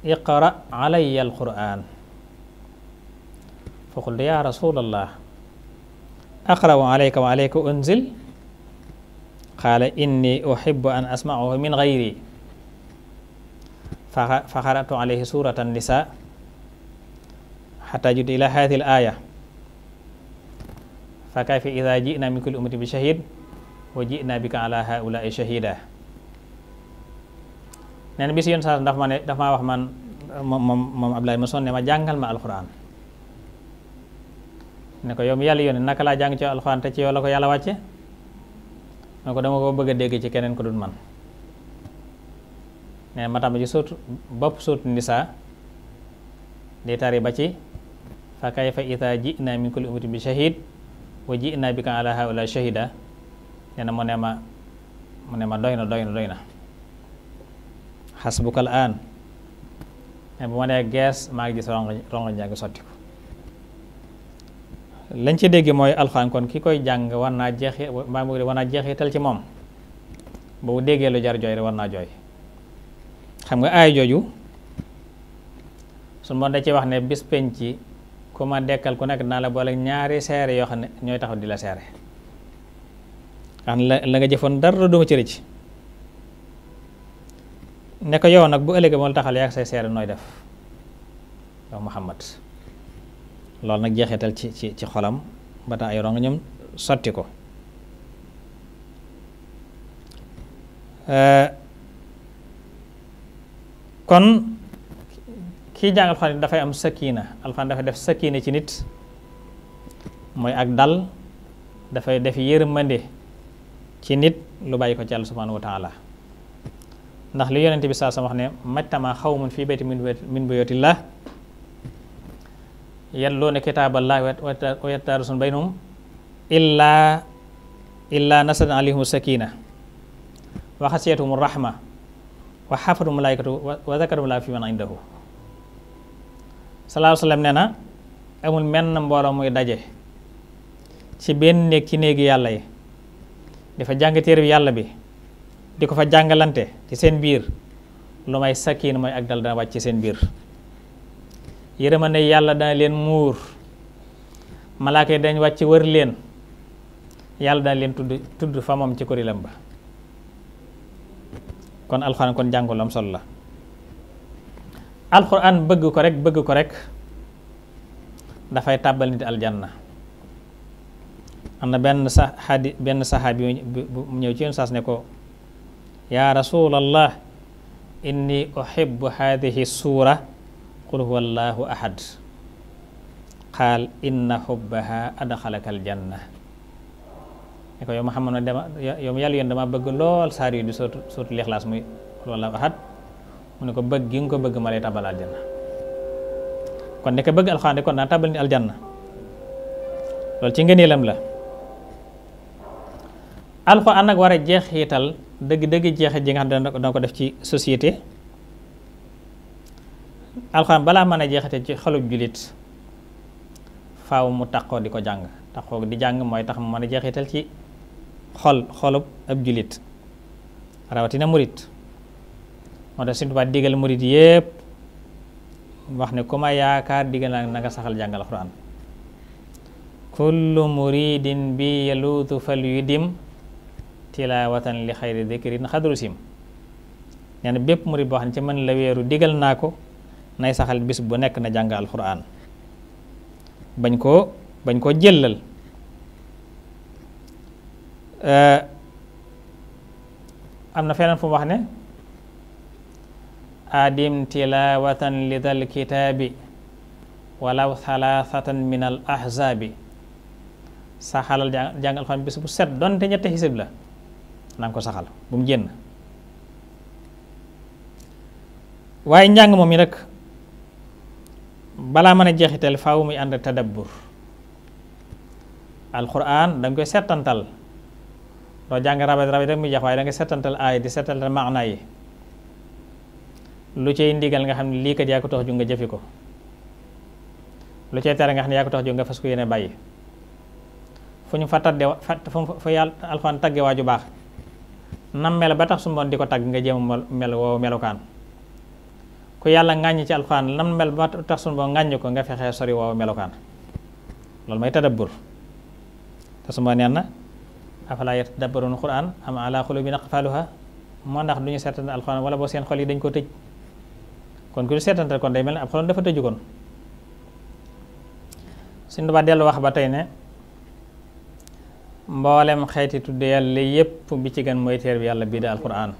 iqra alayya alquran fa qultu ya rasulallah aqra'u alayka wa alayka unzil qaala inni uhibbu an asma'ahu min ghayri fa qara'tu alayhi surata an-nisa hatta jud ila hadhihi al-aya fa kayfa idha ji'na min kulli ummatin bi shahid wa ji'na bika ala haulaai shahida nee na bis yoon saas daf ma ne daf maa wax man moom moom Ablaye ma sonne ma jàngal ma alxuraan ne ko yow mi yàlla yónni naka laa jàng ci alxuraan te ci yow la ko yàlla wàcce ne ko dama ko bëgg a dégg ci keneen ko dul man neen ma tàmbali ci suut bopp suut nisaa di tari ba ci fa kayfa idaa ji'naa min kulli ummatin bi shahid wa ji'naa bika ala haulaai shahida nee na mu ne ma mu ne ma doy na doy na doy na xas xasbukal aan mais bu ma nee gees maa ngi gis rongoñ rongoñ yaa sotti ko lañ ci dégg mooy alxuraan kon ki koy jàng war naa jeexi mbaa mu war naa jeexital ci moom boobu déggee lu jar jooy rek war naa jooy xam nga aay jooju su ma da ci wax ne bis penc ku ma dekkal ku nekk naa la boole ñaari seere yoo xam ne ñooy taxaw di la seere la xam la nga jëfoon dara duma ci rëcc ne ko yow nag bu ëllëgee moo la taxal yaa say seere nooy def yow Muhammad loolu nag jeexeetal ci ci xolam ba tax ay rong sotti ko euh, kon kii jàng alxuraan dafay am sakina alxuraan dafay def sakina ci nit mooy ak dal dafay def yërmande ci nit lu bàyyi ko ci àlla subhanahu wa ndax li yonente bi saa sama wax ne majtama xawmun fii bayti min buyutillah yatluuna kitaaballah wa yatadarasuuna baynahum illaa illaa nasalat alayhim sakina wa xasiyatuhum rahma wa xafatum malaikatu wa zakarahum laa fi man indahu sallallahu alayhi wa amul menn mbooloo muy daje ci benn néeg ci néegi yàlla yi di fa jàng téere bi yàlla bi di ko fa jàngalante ci seen biir lu may sakkiin mooy ak dal dana wàcc ci seen biir yërëma ne yàlla dana leen muur malaaka yi dañ wàcc wër leen yàlla dana leen tudd tudd fa moom ci kurilam ba kon alxuraan kon jàngul am solo la alxuraan bëgg ko rek bëgg ko rek dafay tàbbal nit na am na benn sa xadi benn ñëw ci yoon saas ne ko yaa rasulallah inni uhibbu hadihi suura qul huwa allahu ahad qaal inna hubbaha adxalaka aljanna ne ko yow Muhammad dama yow yàlla yoon dama bëgg lool saar yi di sootu sootu lixlaas muy qul huwa allahu ahad mu ne ko bëgg gi nga ko bëgg ma lay tabal aljanna kon ne bëgg alxuraan kon naa tabal ni aljanna loolu ci ngëneelam la alxuraan nag war a jeexital dëgg-dëgg jeexit ji nga xam ne dana ko def ci société alxuraan balaa mën a jeexite ci xolub jullit faaw mu taxoo di ko jàng taxoo di jàng mooy tax mu mën a jeexital ci xol xolub ab jullit rawatina murit moo tax Sëñ Tuubaa digal murit yépp wax ne ku ma yaakaar digal na saxal jàng alxuraan kullu muridin bi yaluutu yu dim tilaawatan li xayri dikrin xadru sim nee na bépp murid boo xam ne ci man la weeru digal naa ko nay saxal bis bu nekk na jàng alxuraan bañ koo bañ koo jëllal am na feneen fu wax ne adim tilaawatan li dal kitaabi walaw thalathatan min al ahzaabi saxalal jàng alxuraan bis bu set donte ñetti xisib la na ko saxal bu mu génn waaye njàng moom yi nag balaa mën a jeexital faaw muy ànd tadabbur alquran da nga koy setantal doo jàng rabet rabet rek muy jeex waaye da setantal settantal di settantal maanaa yi lu cay ndigal nga xam ne lii kat yaa ko tax ju nga jëfi ko lu cay tere nga xam ne yaa ko tax ju nga fas ko yéene bàyyi fu ñu fa tadde fa fu yàlla alxuraan tagge waaju baax nam mel ba tax su di ko tagg nga jéem a mel woowu melukaan ku yàlla ŋàññi ci alxuraan nam mel ba tax su moon ko nga fexee sori woowu melokaan loolu may tadabbur te su ma nee na afalaa yatadabbaruuna alxuraan bi alaa fa aqfaaluhaa moo ndax du seetantal alxuraan wala boo seen xol yi dañ ko tëj kon ku ñu seetantal kon day mel ne ab xolam dafa tëju kon suñu dubaa dellu wax ba tey ne mboolem xeeti tudde yàlla yépp bi ci gën mooy téer bi yàlla bii di alquran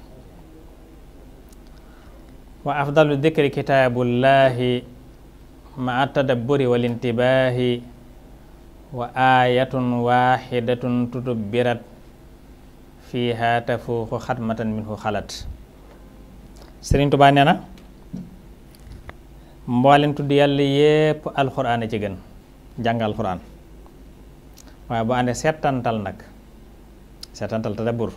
wa afdalu dikri kitaabullahi ma tadabburi wal intibaahi wa aayatun waaxidatun tutubbirat fiiha tafuuxu xatmatan minhu xalat Sëriñ Tuubaa nee mboolem tudd yàlla yépp alxuraan a ci jàng alxuraan waaye bu àndee seetantal nag seetantal tadabbur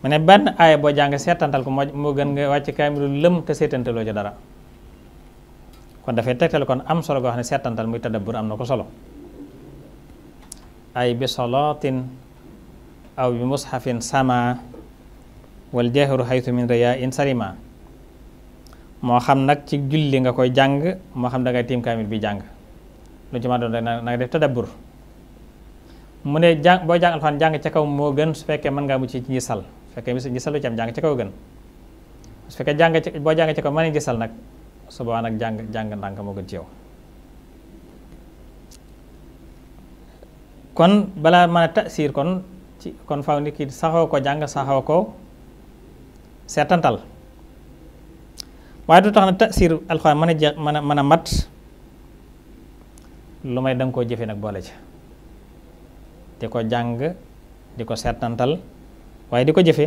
mu ne benn aaya boo jàng seetantal ko moo gën nga wàcc kaamilu lëm te seetantaloo ci dara kon dafay tegtal kon am solo goo xam ne seetantal muy tadabbur am na ko solo ay bi salaatin aw bi mushafin sama wal jaahiru haythu min riyaa moo xam nag ci julli nga koy jàng moo xam da ngay tiim kaamil bi jàng lu ci ma doon rek na nga def tadabbur mu ne jàng boo jàng alxuraan jàng ca kaw moo gën su fekkee mën ngaa mucc ci ñi sal su fekkee ñi salu ci am jàng ca kaw gën su fekkee jàng boo jàng ca kaw mën a gisal nag suba nag jàng jàng ndànk moo gën ci yow. kon balaa mën a tasiir kon ci kon faaw nit kii saxoo ko jàng saxoo ko seetantal waaye du tax na tasiir alxuraan mën a jeex mën a mën a mat lu may danga koo jëfee nag boole ci. di ko jàng di ko seetantal waaye di ko jëfe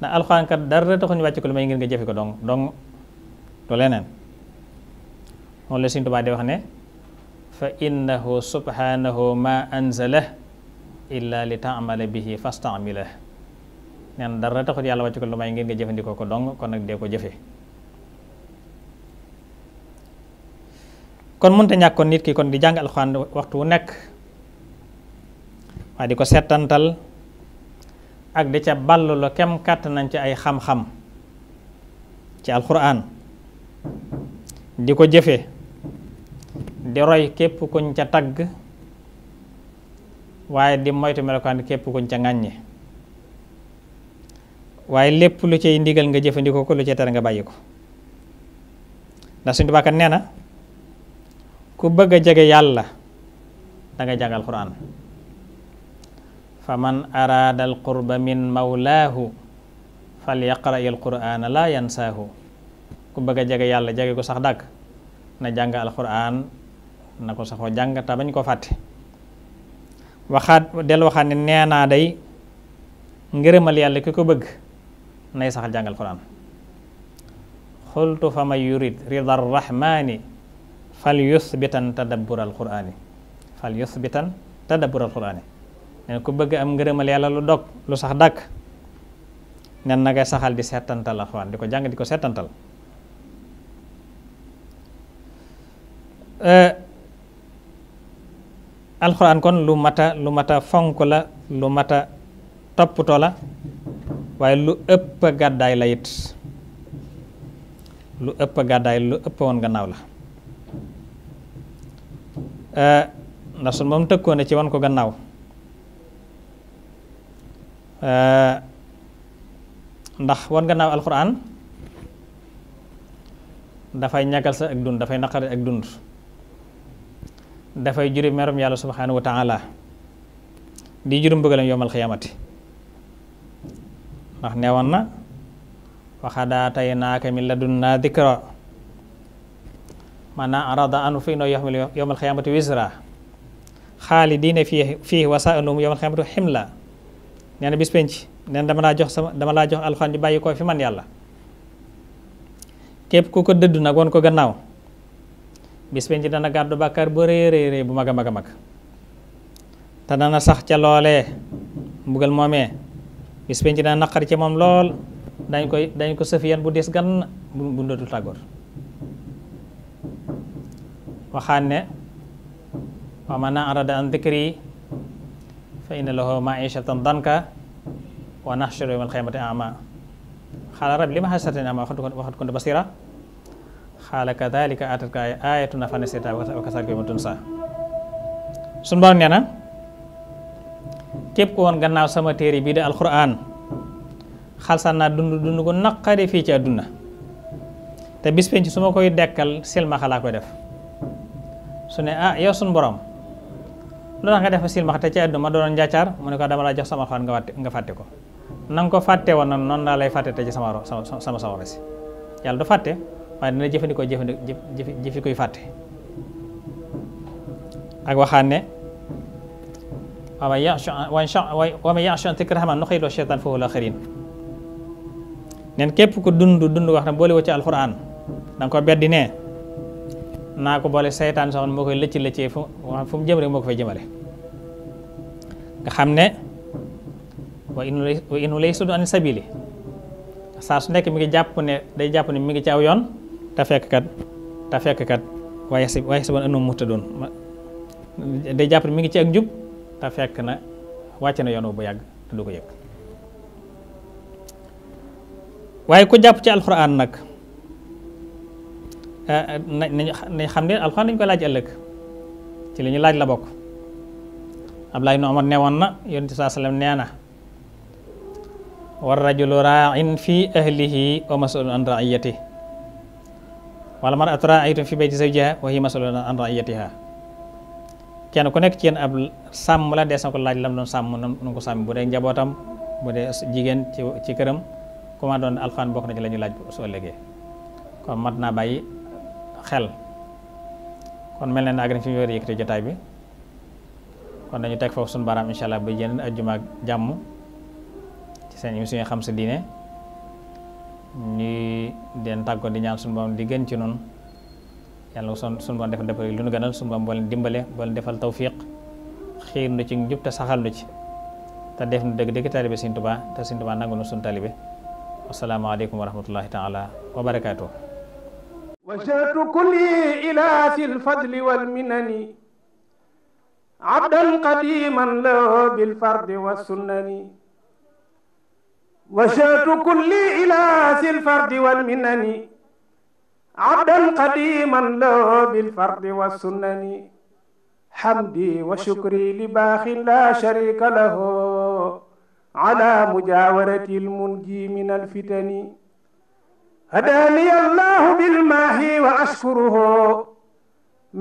ndax alxuraan kat dara taxuñu wàcc ko lu may ngeen nga jëfe ko wax ne fa innahu subhanahu ma anzala illa li taamala yàlla wàcc ko lu may ngeen ko dong kon nag dee ko jëfe kon mënta ñàkk kon nit ki kon di jàng alxuraan waxtu wu nekk waaye di ko settantal ak di ca ballulu kem nañ ci ay xam-xam ci alxuraan di ko jëfe di roy képp kuñ ca tagg waaye di moytu melokaan képp koñ ca ŋàññe waaye lépp lu cay ndigal nga jëfandikoo ko lu cay tere nga bàyyi ko ndax suñu bàkkat nee na ku bëgg a jege yàlla da nga jàngal alxuraan fa man araada alqurba min mawlaahu fal yaqra il qur'aana laa yansaahu ku bëgg a jege yàlla jege ko sax dàkk na jàng alqur'aan na ko saxoo jàng te bañ ko fàtte waxaat del waxaat nee naa day ngërëmal yàlla ki ko bëgg nay saxal jàng alqur'aan xultu fa man yurid rida arrahmani fal yuthbitan tadabbur alqur'aani fal yuthbitan neen ku bëgg am ngërëmal yàlla lu dog lu sax dàkk nen nag ngay saxal di seetantal alxuraan di ko jàng di ko seetantal eh, alxuraan kon lu mata lu mata fonk la lu mata toppatoo la waaye lu ëpp gàddaay la it lu ëpp gàddaay lu ëpp woon gannaaw la eh, ndax su moom tëkkoone ci wan ko gannaaw ndax wan gannaaw alxuraan dafay ñàkkal sa ak dund dafay naqari ak dund dafay juri merum yàlla subhaanahu wa taala di jurum bëggalam yowmal xiyaamati ndax neewoon na waxadaatay naaka min ladunna dikra maanaam arada anu fi noo yaxmilu yowmal xiyaamati wisra xaali diine fii fii wasaa anum yowmal xiyaamati ximla nee bispenc bis dama laa jox sama dama laa jox alxuraan di bàyyi ko fi man yàlla képp ku ko dëdd nag woon ko gannaaw bispenc dana gàddu bàkkaar bu rëy rëy bu mag a mag a mag te dana sax ca loolee mbugal moomee bis penc dana naqari ci moom lool dañ koy dañ ko sëfiyan bu des gan bu ndootul tàggoor waxaan ne wa man arada an dikri fa inna lahu ma'ishatan danka wa nahshuru yawmal wa qad kuntu basira qaala kadhalika atatka ayatuna fanasitaha wa kadhalika yawma tunsa suñu borom nee na képp ku woon gannaaw sama téere bii de alquran xalsaan naa dund dund ko naqari fii ci àdduna te su ma koy dekkal silmaxa laa koy def su ne ah yow suñu borom lu tax nga def silmax te ci àdduna ma doon njaacaar mu ne ko dama laa jox sama alxuraan nga fàtte nga fàtte ko na nga ko fàtte woon noonu noonu laa lay fàtte te ci sama sama sawara si yàlla du fàtte waaye dina jëfandikoo jëfandikoo jëfi koy fàtte ak waxaan ne waama yachu an zikri rahmaan nuqayyid lahu shaytaan fa huwa lahu qariin neen képp ku dund dund wax ne boole woo ci alxuraan da nga ko beddi ne naa ko boole seytaan soxna moo koy lëcc lëccee fu fu mu jëm moo ko fay jëmale nga xam ne wa inu lay sudu an sabili saa su nekk mi ngi jàpp ne day jàpp ne mi ngi ci aw yoon te fekk waaye waaye si bon anum muta doon jàpp mi ngi ci ak njub te fekk na wàcc na yoon bu yàgg te du ko yëg waaye ku jàpp ci alxuraan nag nañ nañ xam ne alxuraan dañu ko laaj ëllëg ci li ñu laaj la bokk Abdullah ibn Umar newoon na yonent bi nee na war rajulu raain fi ahlihi wa masulun an raiyati fi bayti zawjiha wa ku nekk ci yéen ab sàmm la dees na laaj lam doon sàmm nu ko sàmm bu dee njabootam ci ci këram comment doon alxuraan bokk na ci laaj su ëllëgee kon mat naa bàyyi xel kon mel na ne àgg nañ fi ñu yëkkati jotaay bi kon dañu teg foofu suñu baaraam allah ba yeneen ajjuma ak jàmm ci seen émission yi xam sa diine ñu den tàggoo di ñaan suñu borom di gën ci noonu yàlla ko son suñu borom defal dëpp lu nu gënal suñu borom dimbale boo leen defal tawfiq xiir nu ci njub te saxal nu ci te def nu dëgg dëgg taalibe Sëriñ Tuubaa te Sëriñ Tuubaa nangu nu suñu taalibe wasalaamaaleykum wa rahmatullahi taala wa barakaatu وجهت كلي إلى ذي الفضل والمنن عبدا قديما له بالفرد والسنن وجهت كلي إلى ذي الفرد والمنن عبدا قديما له بالفرد والسنن حمدي وشكري لباخ لا شريك له على مجاورة المنجي من الفتن هداني الله بالماهي وأشكره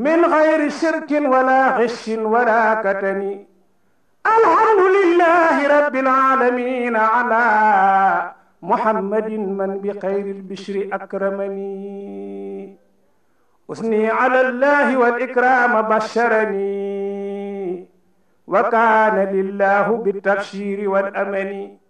من غير شرك ولا غش ولا كتم الحمد لله رب العالمين على محمد من بخير البشر أكرمني أثني على الله والإكرام بشرني وكان لله بالتبشير والأمن